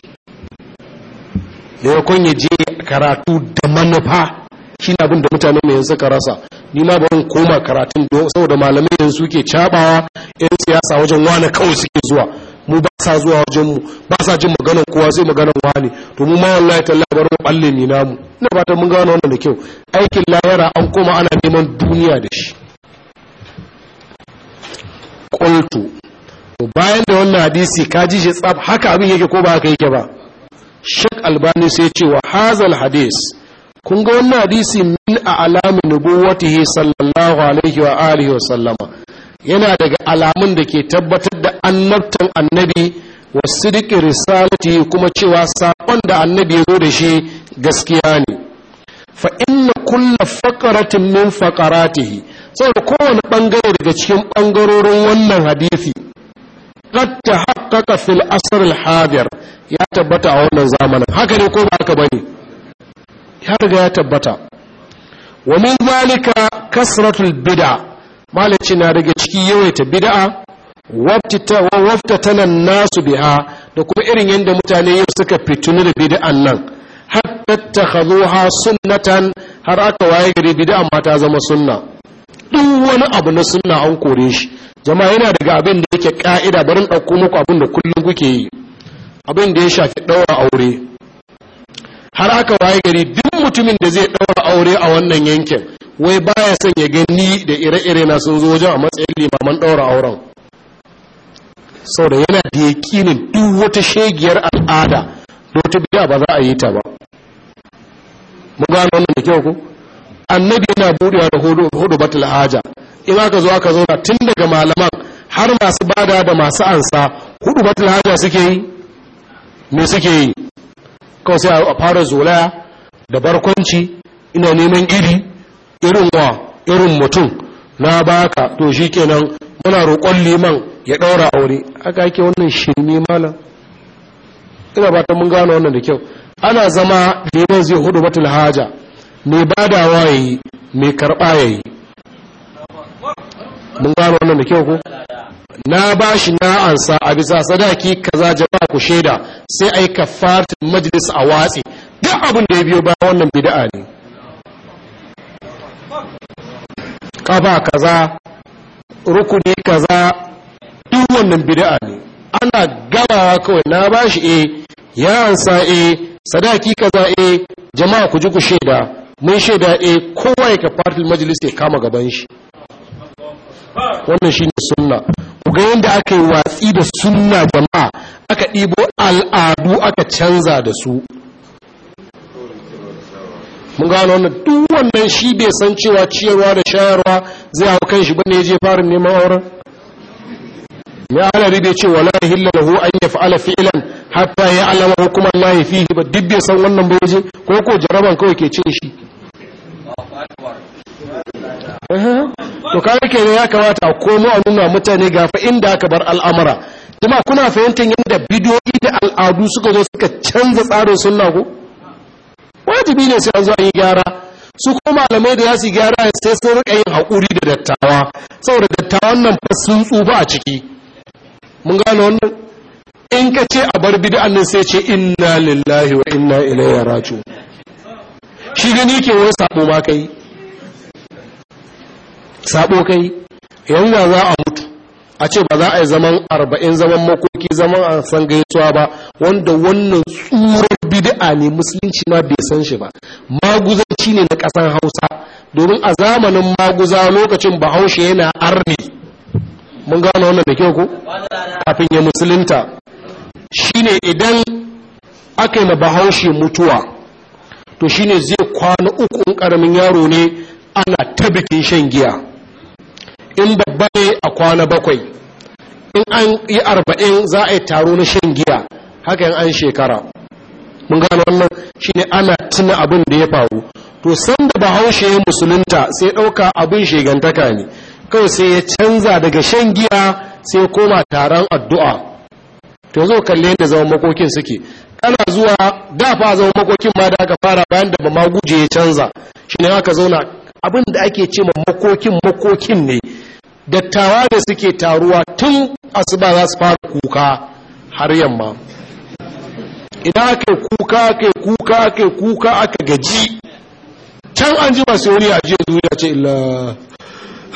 da ya kun ya je karatu da manufa shi na abin da mutane mai yanzu ka rasa ni ma ban koma karatun saboda malamai yanzu suke cabawa yan siyasa wajen wane kawai suke zuwa mu ba sa zuwa wajen mu ba sa jin maganar kowa sai maganar wani to mu ma wallahi tallahi bar mu balle ni namu ina fatan mun gano wannan da kyau aikin layara an koma ana neman duniya da shi qultu to bayan da wannan hadisi ka ji shi tsab haka abin yake ko ba haka yake ba shek albani sai ce wa hazal hadis kun ga wannan hadisi min a alamin nubuwatihi sallallahu alaihi wa alihi wa sallama yana daga alamun da ke tabbatar da annabtan annabi wa sidiki risalati kuma cewa sakon da annabi ya zo da shi gaskiya ne fa inna kulla faqaratin min faqaratihi saboda kowane bangare daga cikin bangarorin wannan hadisi qad tahaqqaqa fil asr al hadir ya tabbata a wannan zamanin haka ne ko ba haka bane har ga ya tabbata wa min zalika kasratul bid'a malaci na daga ciki yawaita bid'a waftatanan nasu biha da kuma irin yadda mutane yau suka fitunu da bid'an nan hatta takhaduha sunnatan har aka waye gari bid'a ma ta zama sunna duk wani abu na sunna an kore shi jama'a yana daga abin da yake ka'ida barin dauko muku abin da kullum kuke yi abin da ya shafi daura aure har aka waye gari duk mutumin da zai ɗaura aure a wannan yankin wai baya son ya gani da ire-ire na sun zo wajen a matsayin limaman ɗaura auren sau da yana da yakinin duk wata shegiyar al'ada da wata biya ba za a yi ta ba mu gano wannan da kyau ko annabi yana buɗewa da hudu batul haja in aka zo aka zauna tun daga malaman har masu bada da masu ansa hudu batul haja suke yi me suke yi kawai sai a fara zolaya da barkwanci ina neman iri irin wa irin mutum na baka to shi kenan muna roƙon liman ya ɗaura aure aka ake wannan shirme malam ina ba ta mun gano wannan da kyau ana zama liman zai hudu batul haja mai badawa ya yi mai karɓa ya yi mun gano wannan da kyau ko na ba shi na ansa a bisa sadaki kaza jama'a ku shaida sai ai kafartin majalis a watsi duk abin da ya biyo ba wannan bid'a ne kafa kaza rukuni kaza duk wannan bid'a ne ana gabawa kawai na ba shi e eh, ya ansa e sadaki kaza e jama'a ku ji ku shaida mun shaida e kowa ya kafartin majlis ya kama gaban shi wannan shine sunna ga yadda aka yi watsi da sunna jama'a aka ɗibo al'adu aka canza da su mun gano wannan duk wannan shi bai san cewa ciyarwa da shayarwa zai hau kan shi bane je fara neman auren ya ana ribe ce wala hilla lahu an fa'ala fi'lan hatta ya alama hukuman lahi fihi ba duk bai san wannan ba ko ko jaraban kawai ke cin shi to kare ke ne ya kamata komo a nuna mutane gafa inda aka bar al'amura jama kuna fahimtar yadda bidiyoyi da al'adu suka zo suka canza tsarin sunna ko wajibi ne sai an zo an yi gyara su ko malamai da ya su gyara sai sun rika yin haƙuri da dattawa saboda dattawan nan fa sun tsufa a ciki mun gane wannan in ka ce a bar bid'an nan sai ce inna lillahi wa inna ilaihi raji'un shi gani ke wani sabo ma kai sabo kai yanzu za a mutu a ce ba za a yi zaman arba'in zaman makoki zaman a san gaisuwa ba wanda wannan tsoron bid'a ne musulunci ma bai san shi ba maguzanci ne na ƙasan hausa domin a zamanin maguza lokacin bahaushe yana arni mun gano wannan da kyau ko kafin ya musulunta shine idan aka yi ma bahaushe mutuwa to shine zai kwana uku karamin yaro ne ana ta bikin shan giya in babba ne a kwana bakwai in an yi arba'in za a yi taro na shan giya haka yin an shekara mun gano wannan shine ana tuna abin da ya faru to sanda bahaushe ya musulunta sai ɗauka abin shegantaka ne kawai sai ya canza daga shan giya sai koma taron addu'a to zo kalli yadda zaman makokin suke kana zuwa dafa zaman makokin ma da aka fara bayan da ba ma guje ya canza shine aka zauna abin da ake ce ma makokin makokin ne dattawa da suke taruwa tun asuba za su fara kuka har yamma idan aka kuka aka kuka aka kuka aka gaji can an ji masu wani ajiye zuwa ce illa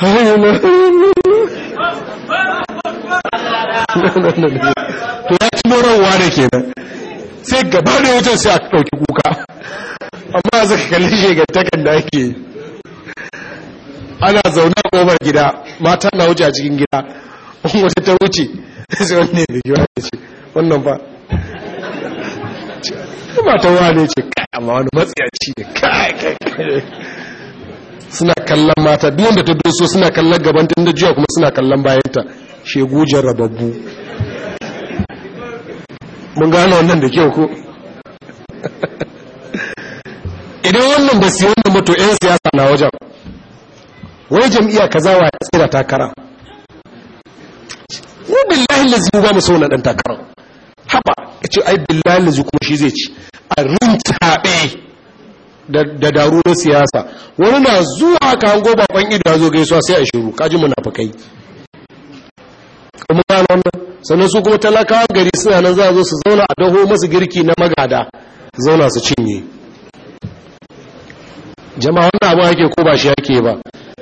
to ya ci morarwa da nan, sai gaba da wajen sai a ɗauki kuka amma za ka kalli shi ga takan da ake yi ana zaune a ƙofar gida mata na wuce a cikin gida wata ta wuce sai wani ne giwa ya ce wannan ba mata ne ce kai amma wani matsiyaci ne kai kai suna kallon mata duk wanda ta doso suna kallon gaban tun jiya kuma suna kallon bayanta shegu jarrababbu mun gano wannan da kyau ko idan wannan ba su wannan ba to 'yan siyasa na wajen wai jam'iyya kaza wa tsira takara ko billahi lazi ba mu so dan takara haba yace ai billahi lazi kuma shi zai ci a rintabe da daru na siyasa wani na zuwa ka hango baban ido ya zo gaisuwa sai a shiru kaji munafikai kuma ga nan sannan su kuma talakawa gari suna nan za a zo su zauna a daho masu girki na magada zauna su cinye jama'a wannan abu yake ko ba shi ake ba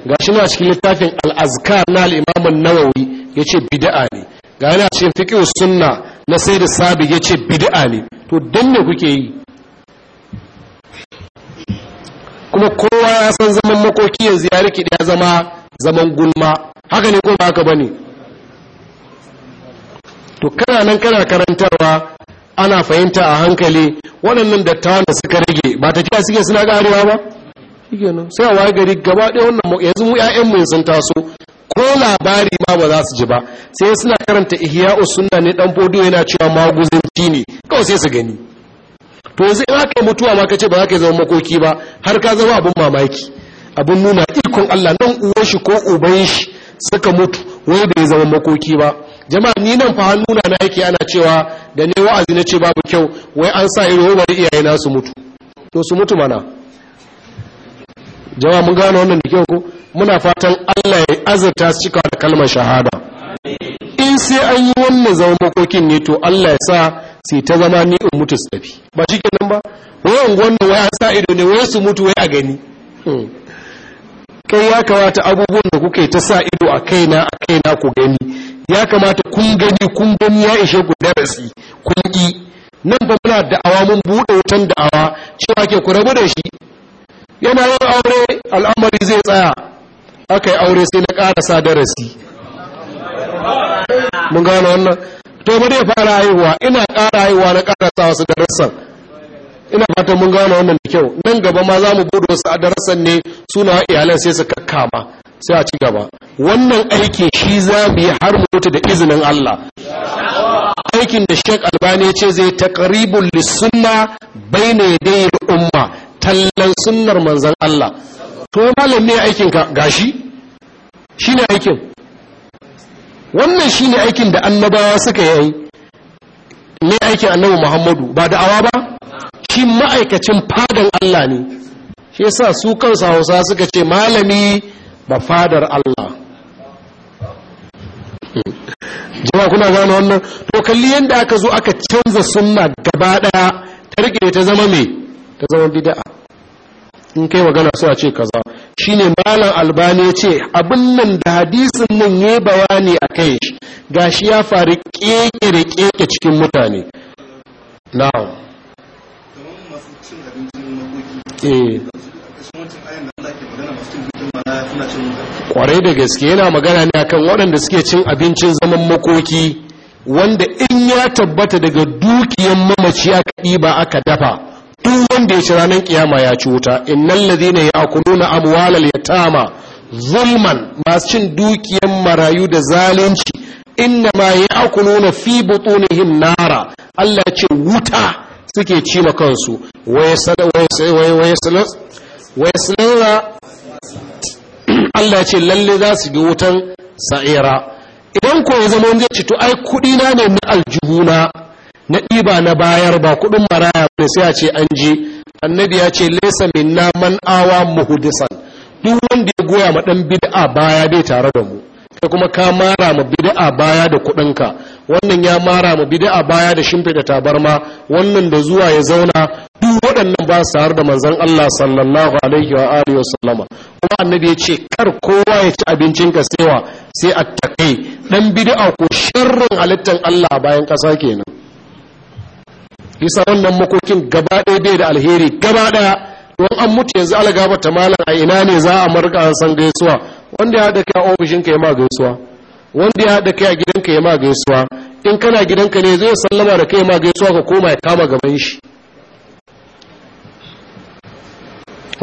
ga shi na cikin littafin al'azkar na al'imamun nawawi ya ce bida'a ne ga yana cikin fiƙi sunna na sai da sabi ya ce bida'a ne to don ne kuke yi kuma kowa ya san zaman makoki yanzu ya rikide ya zama zaman gulma haka ne kuma haka ba ne to kana nan kana karantarwa ana fahimta a hankali waɗannan dattawan da suka rage ba ta kira suke suna ƙarewa ba shige sai a waye gari gaba ɗaya wannan yanzu mu ƴaƴanmu sun taso ko labari ma ba za su ji ba sai suna karanta ihya sunna ne dan bodo yana cewa maguzinci ne kawai sai su gani to yanzu in aka mutuwa ma kace ba za ka zama makoki ba har ka zama abin mamaki abin nuna ikon Allah nan uwan shi ko uban shi suka mutu wai bai zama makoki ba jama'a ni nan fa hannuna na yake ana cewa da ne wa'azi na ce babu kyau wai an sa irin wani iyaye su mutu to su mutu mana jama mun gane wannan da kyau ko muna fatan Allah ya azurta su cika da kalmar shahada in sai an yi wannan zaman makokin ne to Allah ya sa sai ta zama ni in mutu su tafi ba shi kenan ba wayan wai waya sa ido ne wai su mutu wai a gani hmm. kai ya kamata abubuwan da kuke ta sa ido a kaina a kaina ku gani ya kamata kun gani kun gani ya ishe ku darasi kun yi nan ba muna da'awa mun buɗe wutan da'awa cewa ke ku rabu da shi yana yin aure al'amari zai tsaya aka yi aure sai na ƙarasa darasi mun gano wannan to bari ya fara haihuwa ina ƙara haihuwa na ƙarasa wasu darasan ina fatan mun gano wannan da kyau nan gaba ma za mu bude wasu darasan ne suna iyalai sai su kakkama sai a ci gaba wannan aikin shi za mu yi har mutu da izinin Allah aikin da Sheikh Albani ya ce zai taqribul lisunna bayna yaday umma tallan sunnar manzan Allah to malam ne aikin ka gashi shine aikin wannan shine aikin da annabawa suka yi ne aikin annabi Muhammadu ba da'awa ba shi ma'aikacin fadan Allah ne shi yasa su kansu Hausa suka ce malami ba fadar Allah jama'a kuna gano wannan to kalli yadda aka zo aka canza sunna gaba daya ta rike ta zama mai ta zama bid'a in kai magana sai a ce kaza shine malam albani ce abin nan da hadisin nan yayi bayani a kai shi gashi ya faru kekere keke cikin mutane na'am eh. kwarai da gaske yana magana ne akan waɗanda suke cin abincin zaman makoki wanda in ya tabbata daga dukiyan mamaci aka ba aka dafa duk wanda ya ci ranar kiyama ya ci wuta innal ladhina ya'kuluna amwalal yatama zulman masu cin dukiyan marayu da zalunci inna ma ya'kuluna fi butunihim nara Allah ce wuta suke ci ma kansu salawa Allah ce lalle za su bi wutan sa'ira idan ko ya zama wanda ya ci to ai kudi na ne na aljuhuna na ɗiba na bayar ba kuɗin maraya ne sai a ce an je, annabi ya ce min na man awa muhudisan duk wanda ya goya ma ɗan bid'a baya bai tare da mu kai kuma ka mara ma bid'a baya da kuɗinka wannan ya mara ma bid'a baya da shimfiɗa tabarma wannan da zuwa ya zauna duk waɗannan ba su da manzon Allah sallallahu alaihi wa alihi wa sallama kuma annabi ya ce kar kowa ya ci abincin ka sewa sai takai dan bid'a ko sharrin halittar Allah bayan ƙasa kenan bisa wannan makokin gaba ɗaya bai da alheri gaba ɗaya don an mutu yanzu ala ta malam a ina ne za a marka an san gaisuwa wanda ya haɗa kai a ofishin ka ya ma gaisuwa wanda ya haɗa kai a gidan ka ya ma gaisuwa in kana gidanka ne zai sallama da kai ma gaisuwa ka koma ya kama gaban shi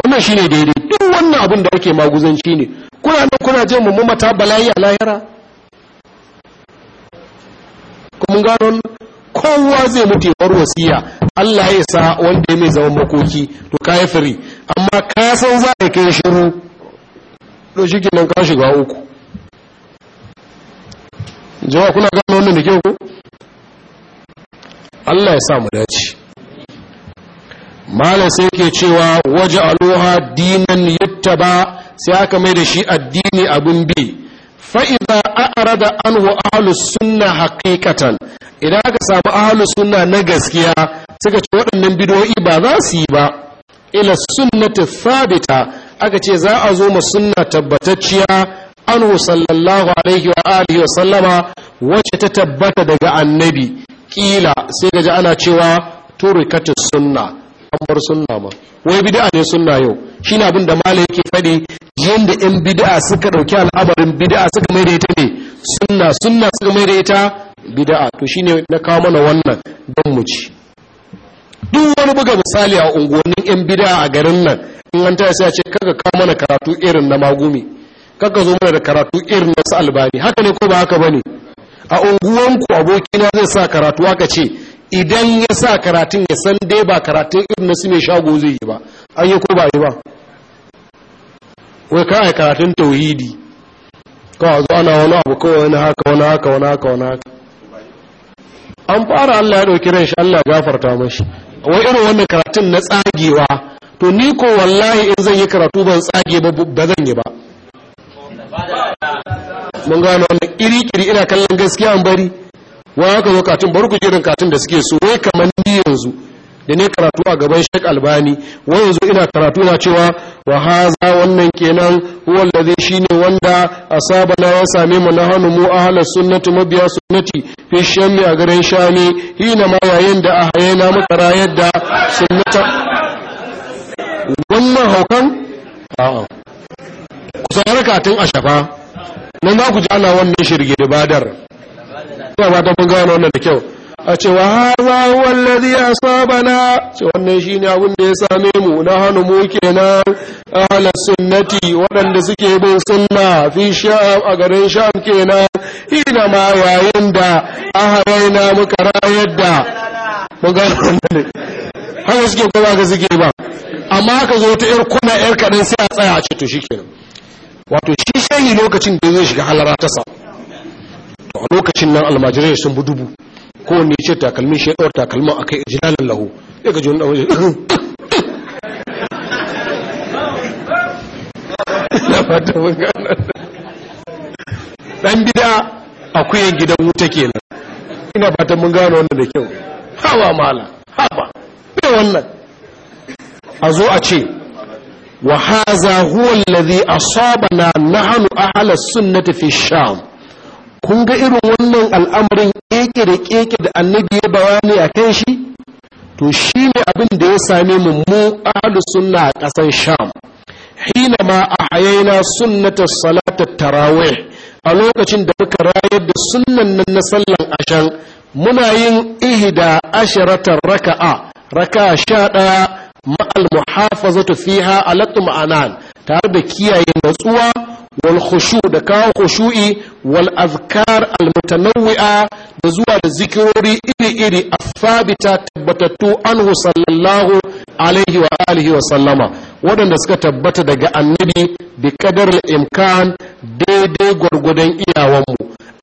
wannan shine daidai duk wannan abin da ake maguzanci ne kuna nan kuna je mu mata bala'i a lahira kuma gano kowa zai mutu bar wasiya Allah ya sa wanda mai zaman makoki to kai firi amma ka san za ka kai shiru to shike nan ka shiga uku jawa kuna gano wannan da kyau ko Allah ya sa mu dace malam sai ke cewa waje aloha dinan yattaba sai aka mai da shi addini abin bi fa'iza a'arada an wa'alu ahlus sunna haqiqatan idan aka samu ahlus sunna na gaskiya suka ce waɗannan bidoyi ba za su yi ba ila sunnati thabita aka ce za a zo ma sunna tabbatacciya anhu sallallahu alaihi wa alihi wa sallama wacce ta tabbata daga annabi kila sai gaji ana cewa turikatu sunna an bar sunna ma wai bid'a ne sunna yau shine abin da malai yake fadi jiyan da yan bid'a suka dauki al'amarin bid'a suka mai ita ne sunna sunna suka mai ita bida'a to shine na kawo mana wannan don mu ci duk wani buga misali a unguwannin yan bid'a a garin nan in an taya sai a ce kaga kawo mana karatu irin na magumi kaga zo mana da karatu irin na su albani haka ne ko ba haka bane a unguwanku abokina zai sa karatu aka ce idan ya sa karatun ya san dai ba karatun irin na su mai shago zai yi ba an yi ko ba yi ba wai ka karatun tauhidi kawai zo ana wani abu kawai wani haka wani haka wani haka wani haka an fara Allah ya ɗauki ran shi Allah gafarta mashi wai irin wannan karatun na tsagewa to ni ko wallahi in zan yi karatu ban tsage ba ba zan yi ba mun gano wannan iri-iri ina kallon gaskiya an bari wa haka zo katun bari ku katun da suke so wai kaman ni yanzu da ne karatu a gaban shek albani wai yanzu ina karatu na cewa wa haza wannan kenan wallazi shine wanda asaba na ya same mu na hannu mu ahlus sunnati mabiya sunnati fi shami a garin shami hina ma yayin da a hayena muka rayar da sunnata wannan haukan a'a ku saurara katin ashafa nan za ku ji ana wannan shirge da badar ina ba ta mun gano wannan da kyau a ce wa haza wallazi asabana ce wannan shine abin da ya same mu na hanu mu kenan ahla sunnati waɗanda suke bin sunna fi sha'ab a garin sha'ab kenan ina ma yayin da aharaina muka rayar da Mun ga haka suke ko ba suke ba amma ka zo ta yar kuna yar kaɗan sai a tsaya a ce to shikenan wato shi shayi lokacin da zai shiga halara ta sa lokacin nan almajirai sun bi dubu ko ne ce takalmi shi ɗaura takalmin a kai jiralan lahu ya gaji wani ɗaure ɗan bida akwai gidan wuta kenan ina fata mun gano wannan da kyau hawa mala haba ne wannan a zo a ce wa haza huwa alladhi asabana nahnu ahla sunnati fi sham kun ga irin wannan al'amarin keke da keke da annabi ya bayani a kan shi to shi ne abin da ya same mu mu ahlus sunna a ƙasar sham hina ma a hayaina sunnata salata tarawe a lokacin da muka rayar da sunnan nan na sallan ashan muna yin ihida asharatar raka'a raka sha ɗaya ma'al muhafazatu fiha alattu ma'anan tare da kiyaye natsuwa wal khushu da kawo khushu'i wal azkar al mutanawwi'a da zuwa da zikirori iri-iri afabita tabbatattu anhu sallallahu alaihi wa alihi wa sallama waɗanda suka tabbata daga annabi bi kadar imkan daidai gwargwadon iyawanmu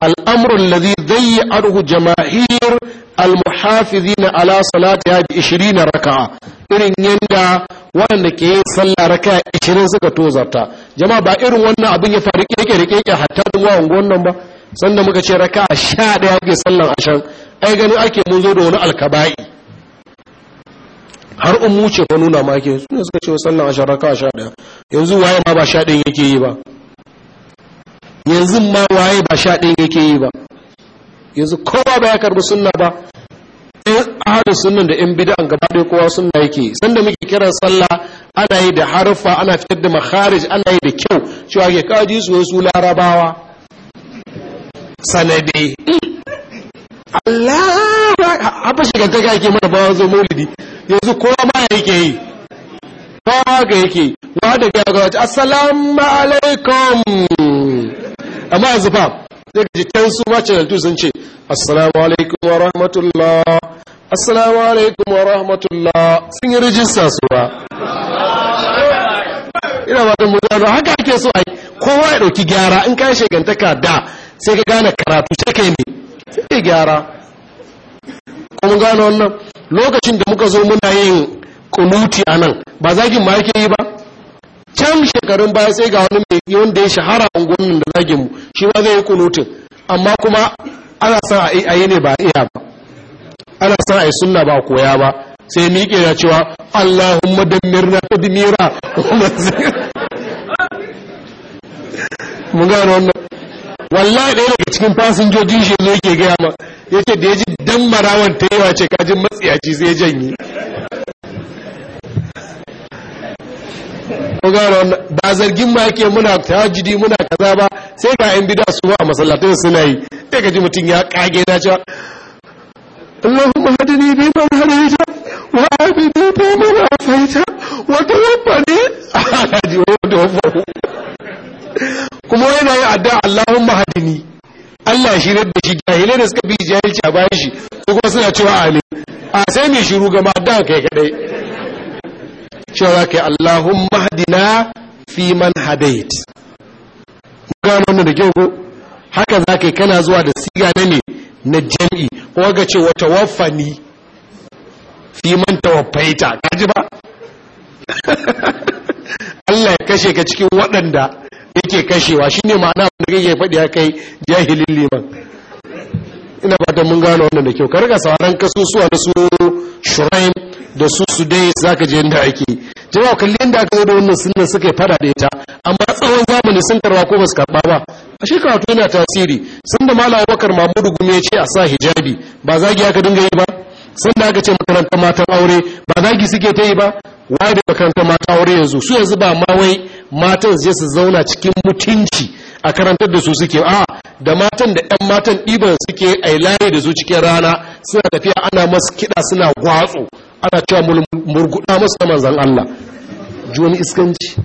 al'amurin lazi zai yi arhu jama'ir al-muhafizina ala salati ya 20 raka'a irin yanda. wanda ke yin sallah raka ishirin suka tozarta jama'a ba irin wannan abin ya faru keke da keke hatta da wawan wannan ba sannan muka ce raka a sha ɗaya ake sallan ashan ai gani ake mun zo da wani alkaba'i har umu ce fa nuna ma ke su ne suka ce sallan ashan raka a sha daya yanzu waye ma ba sha ɗayan yake yi ba yanzu ma waye ba sha yake yi ba yanzu kowa ba ya karbi sunna ba duk sunan da yan bid'an gaba da kowa na yake sanda muke kiran sallah ana yi da harfa ana fitar da makharij ana yi da kyau cewa ke kaji su wasu larabawa sanade Allah abin shigantaka yake mana bawan zo maulidi yanzu kowa ma yake yi kowa ga yake wa da gawa assalamu alaikum amma yanzu fa sai ka ji can su ma canantu sun ce assalamu alaikum wa rahmatullah assalamu alaikum wa rahmatullah sun yi rijista su ba ina ba don mutane ba haka ake so a yi kowa ya ɗauki gyara in kayan shekantaka da sai ka gane karatu sai ka yi ne sai ka gyara kuma gane wannan lokacin da muka zo muna yin kunuti a nan ba zagin ma yake yi ba shekarun baya sai ga wani mai wanda ya shahara a gwamnan da zagin mu shi ma zai yi kunutin amma kuma ana son a yi ne ba iya ba ana son a yi sunna ba koya ba sai miƙe da cewa Allahumma damirna tadmira mun gano wannan wallahi ɗaya daga cikin fasinjoji shi zai ke gaya ma yace da ya ji dan marawan ta yawa ce kajin matsiyaci sai ya janye ko gano ba zargin ma yake muna tahajjudi muna kaza ba sai ka yan bid'a su a masallatai suna yi sai ka ji mutum ya kage na cewa اللهم هدني بمن هديت وعافني بمن عافيت وتوفني على وتوفه kuma yana yin addu'a Allahumma hadini Allah shi da shi jahilai da suka bi jahilci a bayan shi su kuma suna cewa amin a sai mai shiru gama addu'a kai kadai cewa yi Allahumma hadina fi man hadait gano wani da kyau ko haka za ka kana zuwa da siga na ne na jami'i ko ga ce wata ni fi man Ka kaji ba Allah ya kashe ka cikin waɗanda yake kashewa shine ma'ana abin da kake faɗi haka kai jahilin liman ina fatan mun gano wannan da kyau ka riga sauran kasusuwa na su shuraim da su su dai za ka je inda ake jama'a kalli yadda aka zo da wannan sunna suka yi fada da ita amma tsawon zamani sun karba ko basu karba ba a shekara to yana tasiri sun da malam wakar mahmudu gume ya ce a sa hijabi ba zagi aka dinga yi ba sun da aka ce makaranta matan aure ba zagi suke ta yi ba waye da makaranta mata aure yanzu su yanzu ba ma wai matan zai su zauna cikin mutunci a karantar da su suke a da matan da 'yan matan ɗiban suke a layi da su cikin rana suna tafiya ana masu kiɗa suna gwatsu ana cewa murguɗa masu manzan Allah ji iskanci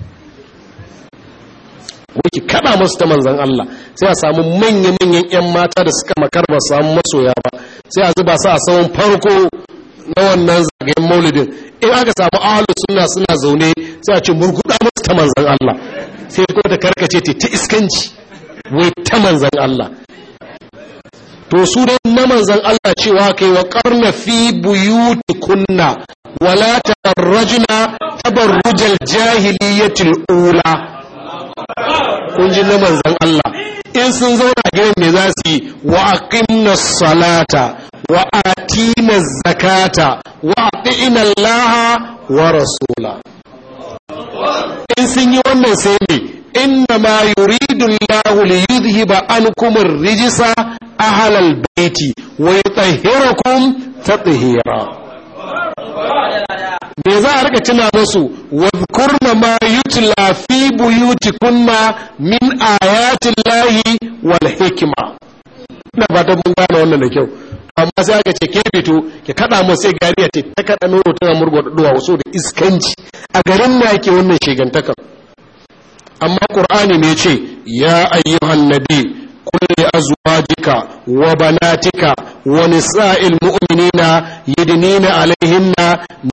wake kaɗa masu ta manzan Allah sai a samu manya-manyan 'yan mata da suka makar ba samu masoya ba sai a zuba sa a saman farko na wannan zagayen maulidin in aka samu ahalu suna suna zaune sai a ce murguɗa masu ta manzan Allah sai ko ta karkace ta iskanci wai ta manzan Allah to su dai na manzan Allah cewa kai wa karna fi buyuti kunna wala tabarrajna tabarrujal jahiliyatil ula kun ji na manzan Allah in sun zauna gidan me za su yi wa aqimna salata wa atina zakata wa atina Allah wa rasula in sun yi wannan sai me inna ma yuridu Allah li yudhhiba ankum ar-rijsa ahalal baiti wa yutahhirukum tatheera me za a rika tuna musu wadhkurna ma yutla fi buyutikunna min ayatin lahi wal hikima ina fatan mun gane wannan da kyau amma sai aka ce ke fito ki kada mu sai gariya ce ta kada nono tana murgwada duwa wasu da iskanci a garin na yake wannan shigantaka amma qur'ani ne ce ya ayyuhan nabi غير أزواجك وبناتك ونساء المؤمنين يدنين عليهن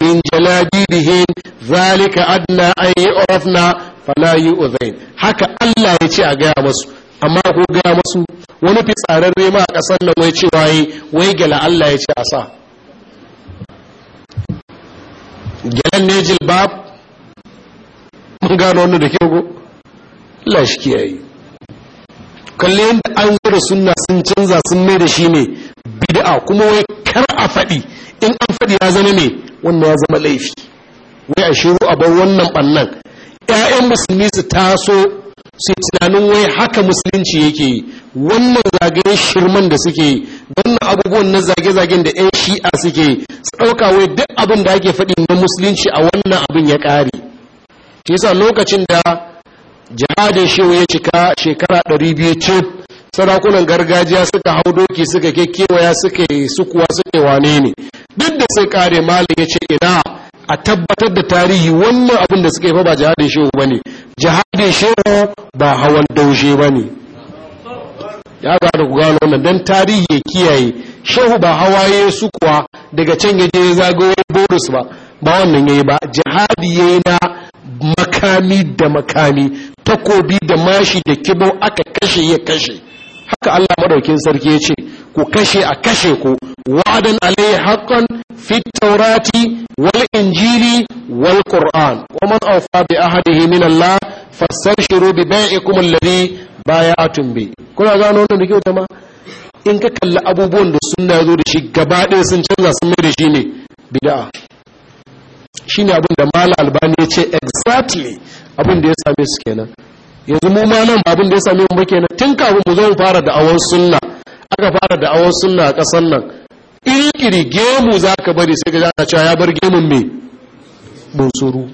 من جلابيبهن ذلك أدنى أن يعرفن فلا يؤذين haka Allah ya ce a gaya masu amma ko gaya masu wani fitsararre ma a ƙasar nan wai cewa yi wai gala Allah ya ce a sa galan ne jilbab mun gano wannan da kyau ko Allah shi kalli yadda an zo da sunna sun canza sun mai da shi ne bid'a kuma wai kar a faɗi in an faɗi ya zama ne wannan ya zama laifi wai a shiru a bar wannan ɓannan ƴaƴan musulmi su taso su tunanin wai haka musulunci yake wannan zagayen shirman da suke yi wannan abubuwan na zage-zagen da ƴan shi'a suke su ɗauka wai duk abin da ake faɗi na musulunci a wannan abin ya ƙare shi yasa lokacin da jihadin shehu ya cika shekara 200 cif sarakunan gargajiya suka hau doki suka kekewaya suka yi sukuwa suka yi wane ne duk da sai kare malam ya ce ina a tabbatar da tarihi wannan abin da suka yi ba jihadin shehu ba ne jihadin shehu ba hawan daushe ba ne ya gada ku gano wannan don tarihi ya kiyaye shehu ba hawaye su kuwa daga can ya je ya zagaye borus ba ba wannan ya yi ba jihadi ya yi na makami da makami takobi da mashi da kibo aka kashe ya kashe haka Allah madaukin sarki ya ce ku kashe a kashe ku wa'adan alai haqqan fi tawrati wal injili wal qur'an wa man awfa bi ahadihi min Allah fastashiru bi bai'ikum alladhi bay'atum bi kuna gano wannan da kyau ma in ka kalli abubuwan da sunna zo da shi gaba ɗaya sun canza sun mai da shi ne bid'a shine abin da mala albani ya ce exactly abin da ya same su kenan yanzu mu ma nan abin da ya same mu ba kenan tun kafin mu zo mu fara da'awar sunna aka fara da da'awar sunna a ƙasar nan iri gemu za ka bari sai ka za cewa ya bar gemun mai bunsuru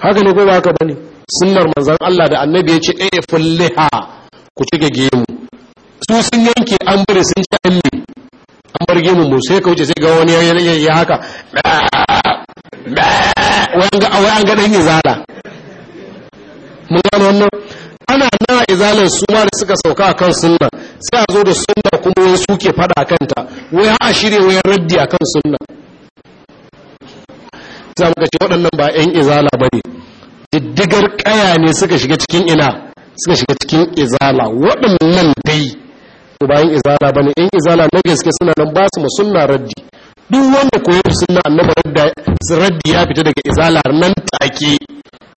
haka ne ko ba haka bane sunnar manzan Allah da annabi ya ce eh fulliha ku cike gemu su sun yanke an bari sun ci an an bar gemun mu sai ka wuce sai ga wani ya ya haka wai an ga dan izala mun gano wannan ana na izalar su ma da suka sauka a kan sunna sai a zo da sunna kuma wani suke fada kanta wai a shirya wai raddi a kan sunna za muka ce waɗannan ba 'yan izala ba ne diddigar ƙaya ne suka shiga cikin ina suka shiga cikin izala waɗannan dai ko bayan izala bane yan izala na gaske suna nan ba su musunna raddi duk wanda koyi sunna annabi raddi ya fita daga izala nan take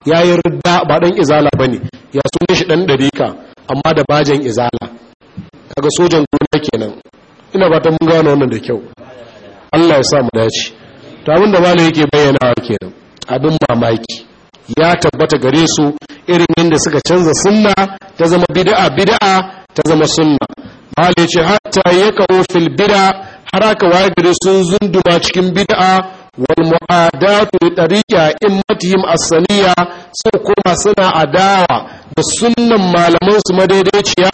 yi radda ba dan izala bane ya sunan shi dan dariƙa amma da bajan izala kaga sojan gona kenan ina fatan mun gano wannan da kyau Allah ya sa mu dace to abinda malai yake bayyana kenan abin mamaki ya tabbata gare su irin yadda suka canza sunna ta zama bid'a bid'a ta zama sunna bale ce hatta ya kawo fil bida har aka waye gari sun zunduma cikin bid'a wal mu'adatu li tariqa immatihim as-saniya sai kuma suna adawa da sunnan malaman su madaidaiciya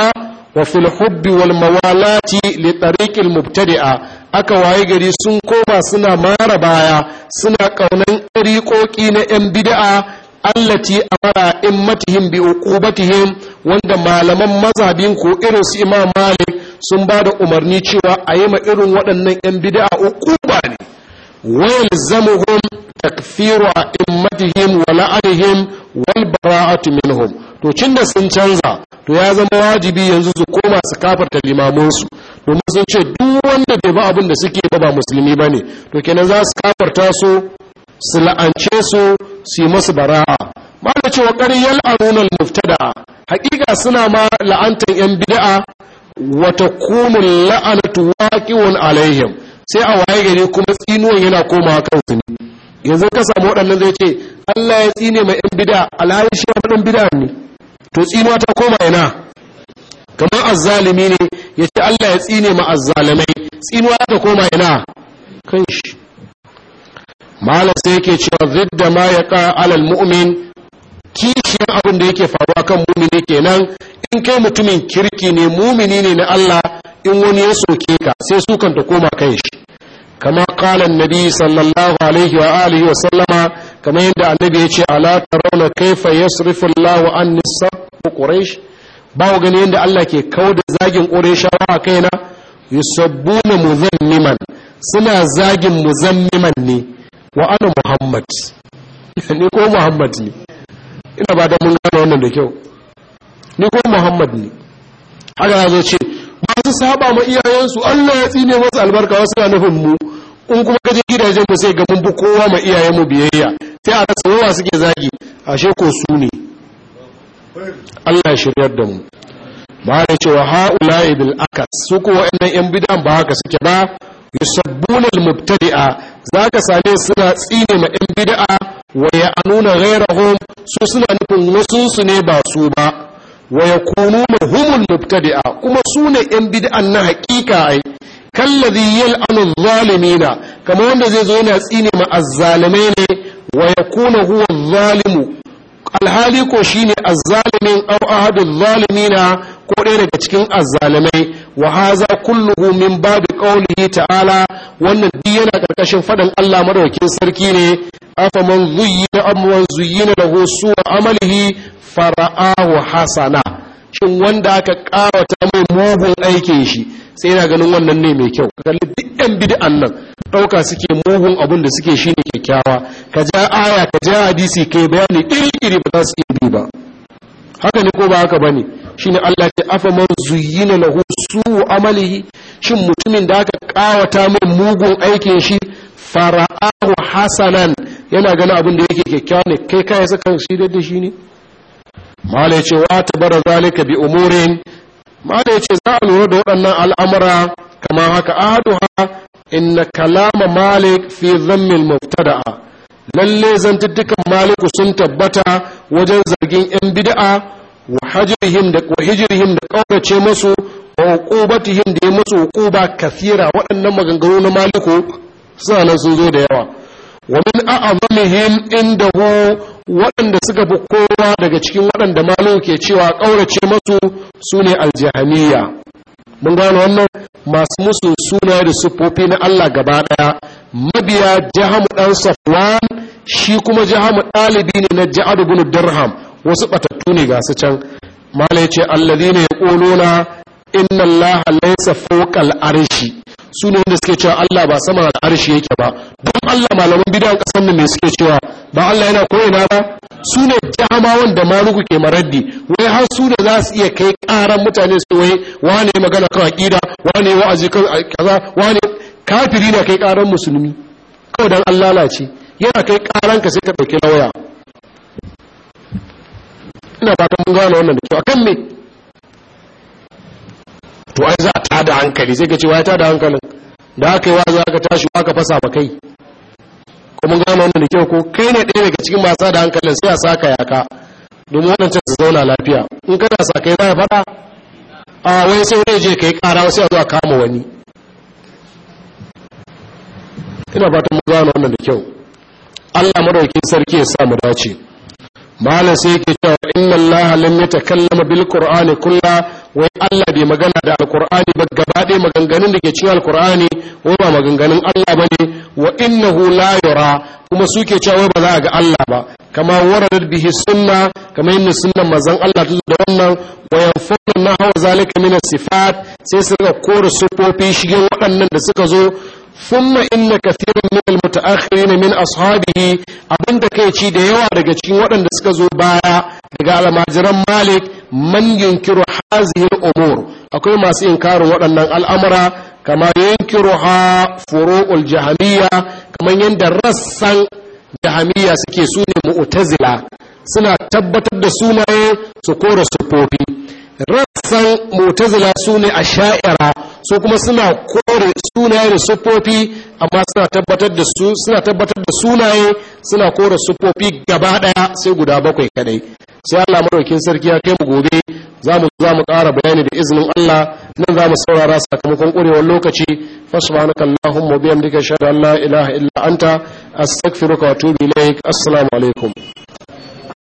wa fil hubbi wal mawalati li tariqi al mubtadi'a aka waye gari sun koma suna mara baya suna kaunan tariqoki na yan bid'a allati amara immatihim bi uqubatihim wanda malaman mazhabin ko irin su imam malik sun ba da umarni cewa a yi ma irin waɗannan 'yan bid'a ba ne zama zamuhum takfiru a immatihim wa la'anihim wal bara'atu minhum to cin da sun canza to ya zama wajibi yanzu su koma su kafarta limamansu domin sun ce duk wanda bai ba abin da suke ba ba musulmi ba ne to kenan za su kafarta su su la'ance su su yi masu bara'a ba da cewa ƙaryar arunan muftada hakika suna ma la'antar yan bida'a wata kumun la'anatu waqi'un alaihim sai a waye gari kuma tsinuwan yana komawa kansu ne yanzu ka samu waɗannan zai ce Allah ya tsine mai yan bid'a alhali shi waɗannan bid'a ne to tsinuwa ta koma yana kamar azzalimi ne ya ce Allah ya tsine ma azzalimai tsinuwa ta koma yana kan shi malam sai yake cewa zidda ma ya ka alal mu'min kishiyar abin da yake faruwa kan mumini kenan in kai mutumin kirki ne mumini ne na Allah in wani ya soke ka sai sukan ta koma kai shi kama kalan nabi sallallahu alaihi wa alihi wa sallama kama yadda annabi ya ce ala tarawna kaifa yasrifu Allah Nisa ko quraish ba wa gani yadda Allah ke kawo da zagin qurayshawa a kaina yusabbuna muzammiman suna zagin muzammiman ne wa ana muhammad ni ko muhammad ne ina ba da mun gane wannan da kyau ni ko muhammad ne haka na zo ce masu saba ma iyayensu allah ya tsine masu albarka wasu na nufin mu in kuma kaje gidajen mu sai ga mun bi kowa ma iyayenmu biyayya sai a rasa yawa suke zagi ashe ko su ne allah ya shiryar da mu ba da cewa ha'ula'i bil akas su kuwa wa'annan yan bid'an ba haka suke ba yusabbuna mubtadi'a za ka same suna tsine ma ɗin bid'a a nuna anuna ghairahum su suna nufin wasu ne ba su ba wa yakunu mahumul mubtadi'a kuma su ne ɗin bid'an na hakika ai kallazi yal'anu zalimina kama wanda zai zo yana tsine ma azzalimai ne waya kuna huwa zalimu alhali ko shine azzalimin aw ahadu zalimina ko ɗaya daga cikin azzalimai wa haza kulluhu min bab kaulihi ta'ala wannan duk yana karkashin faɗin Allah madaukakin sarki ne afaman zuyyina amwan zuyyina lahu su'a amalihi fara'ahu hasana shin wanda aka kawata mai mugun aikin shi sai yana ganin wannan ne mai kyau kalli duk yan bid'an nan ɗauka suke mugun abin da suke shine kyakkyawa ka ja aya ka ja hadisi kai bayani iri-iri ba za su iya ba haka ne ko ba haka bane shine Allah ya afa man zuyyina lahu su'u amalihi shin mutumin da aka kawata min mugun aikin shi fara'ahu hasanan yana gani abin da yake kyakkyawa ne kai kai kan shi da shi ne mala ce wa zalika bi umurin mala yace za a lura da waɗannan al'amura kama haka aduha inna kalama malik fi dhammil mubtada'a lalle zan zantuttukan maliku sun tabbata wajen zargin yan bid'a wa hijrihim da wa hijrihim da wa da ya musu hukuba kasira waɗannan maganganu na maliku suna nan sun zo da yawa wa min inda indahu waɗanda suka fi kowa daga cikin waɗanda maliku ke cewa ƙaurace masu sune aljihaniya. mun gano wannan masu musu suna da siffofi na Allah gaba ɗaya mabiya jahamu ɗan safwan shi kuma jahamu ɗalibi ne na ja'adu bin dirham wasu batattu ne ga su can mala ya ce allazi ne ya ƙolona inna Allah laysa fawqa arshi sune wanda suke cewa Allah ba sama da arshi yake ba don Allah malaman bidan kasan nan ne suke cewa ba Allah yana koyi na ba sune ne jamawan da maluku ke maraddi wai har su da za su iya kai karan mutane su wai wane magana kan aqida wane wa'azi kan kaza wane kafiri na kai karan musulmi kawai dan Allah lalace yana kai karan ka sai ka dauki lawaya ina ba ta mun gane wannan da kyau akan me to ai za a tada hankali sai ka ce wai tada hankalin da aka yi za aka tashi wa aka fasa ba kai kuma gama wannan da kyau ko kai ne ɗaya daga cikin masu da hankalin sai a ka yaka domin wannan su zauna lafiya in kana sa kai za ya faɗa a wai sai wani je kai ƙara sai a zo a kama wani ina fatan mu gano wannan da kyau Allah madaukin sarki ya sa mu dace malam sai yake cewa inna Allah lam yatakallama bil qur'ani kullu wai Allah bai magana da alkur'ani ba gaba ɗaya maganganun da ke cikin alkur'ani wai ba maganganun Allah ba ne wa innahu la yura kuma suke cewa ba za a ga Allah ba kama waradar bihi sunna kama yin sunnan mazan Allah ta da wannan wa yanfuna na hawa zalika min sifat sai su ga kore sufofi shigen waɗannan da suka zo ثم إن كثيرا من المتأخرين min ashabihi abin da kai ci da yawa daga cikin waɗanda suka zo baya daga almajiran malik man yunkiru hazihi umur akwai masu inkarin waɗannan al'amura kamar yunkiru ha furu'ul jihamiya kamar yadda rassan jihamiya suke su ne mu'tazila suna tabbatar da sunaye su kora sufofi rassan mu'tazila su ne a sha'ira su kuma suna kore sunaye da sufofi amma suna tabbatar da su suna tabbatar da sunaye suna kore sufofi gaba daya sai guda bakwai kadai sai Allah madaukin sarki ya kai mu gobe za mu za mu ƙara bayani da izinin Allah nan za mu saurara sakamakon ƙurewar lokaci fa subhanaka allahumma wa bihamdika ashhadu an la ilaha illa anta astaghfiruka wa atubu ilaik assalamu alaikum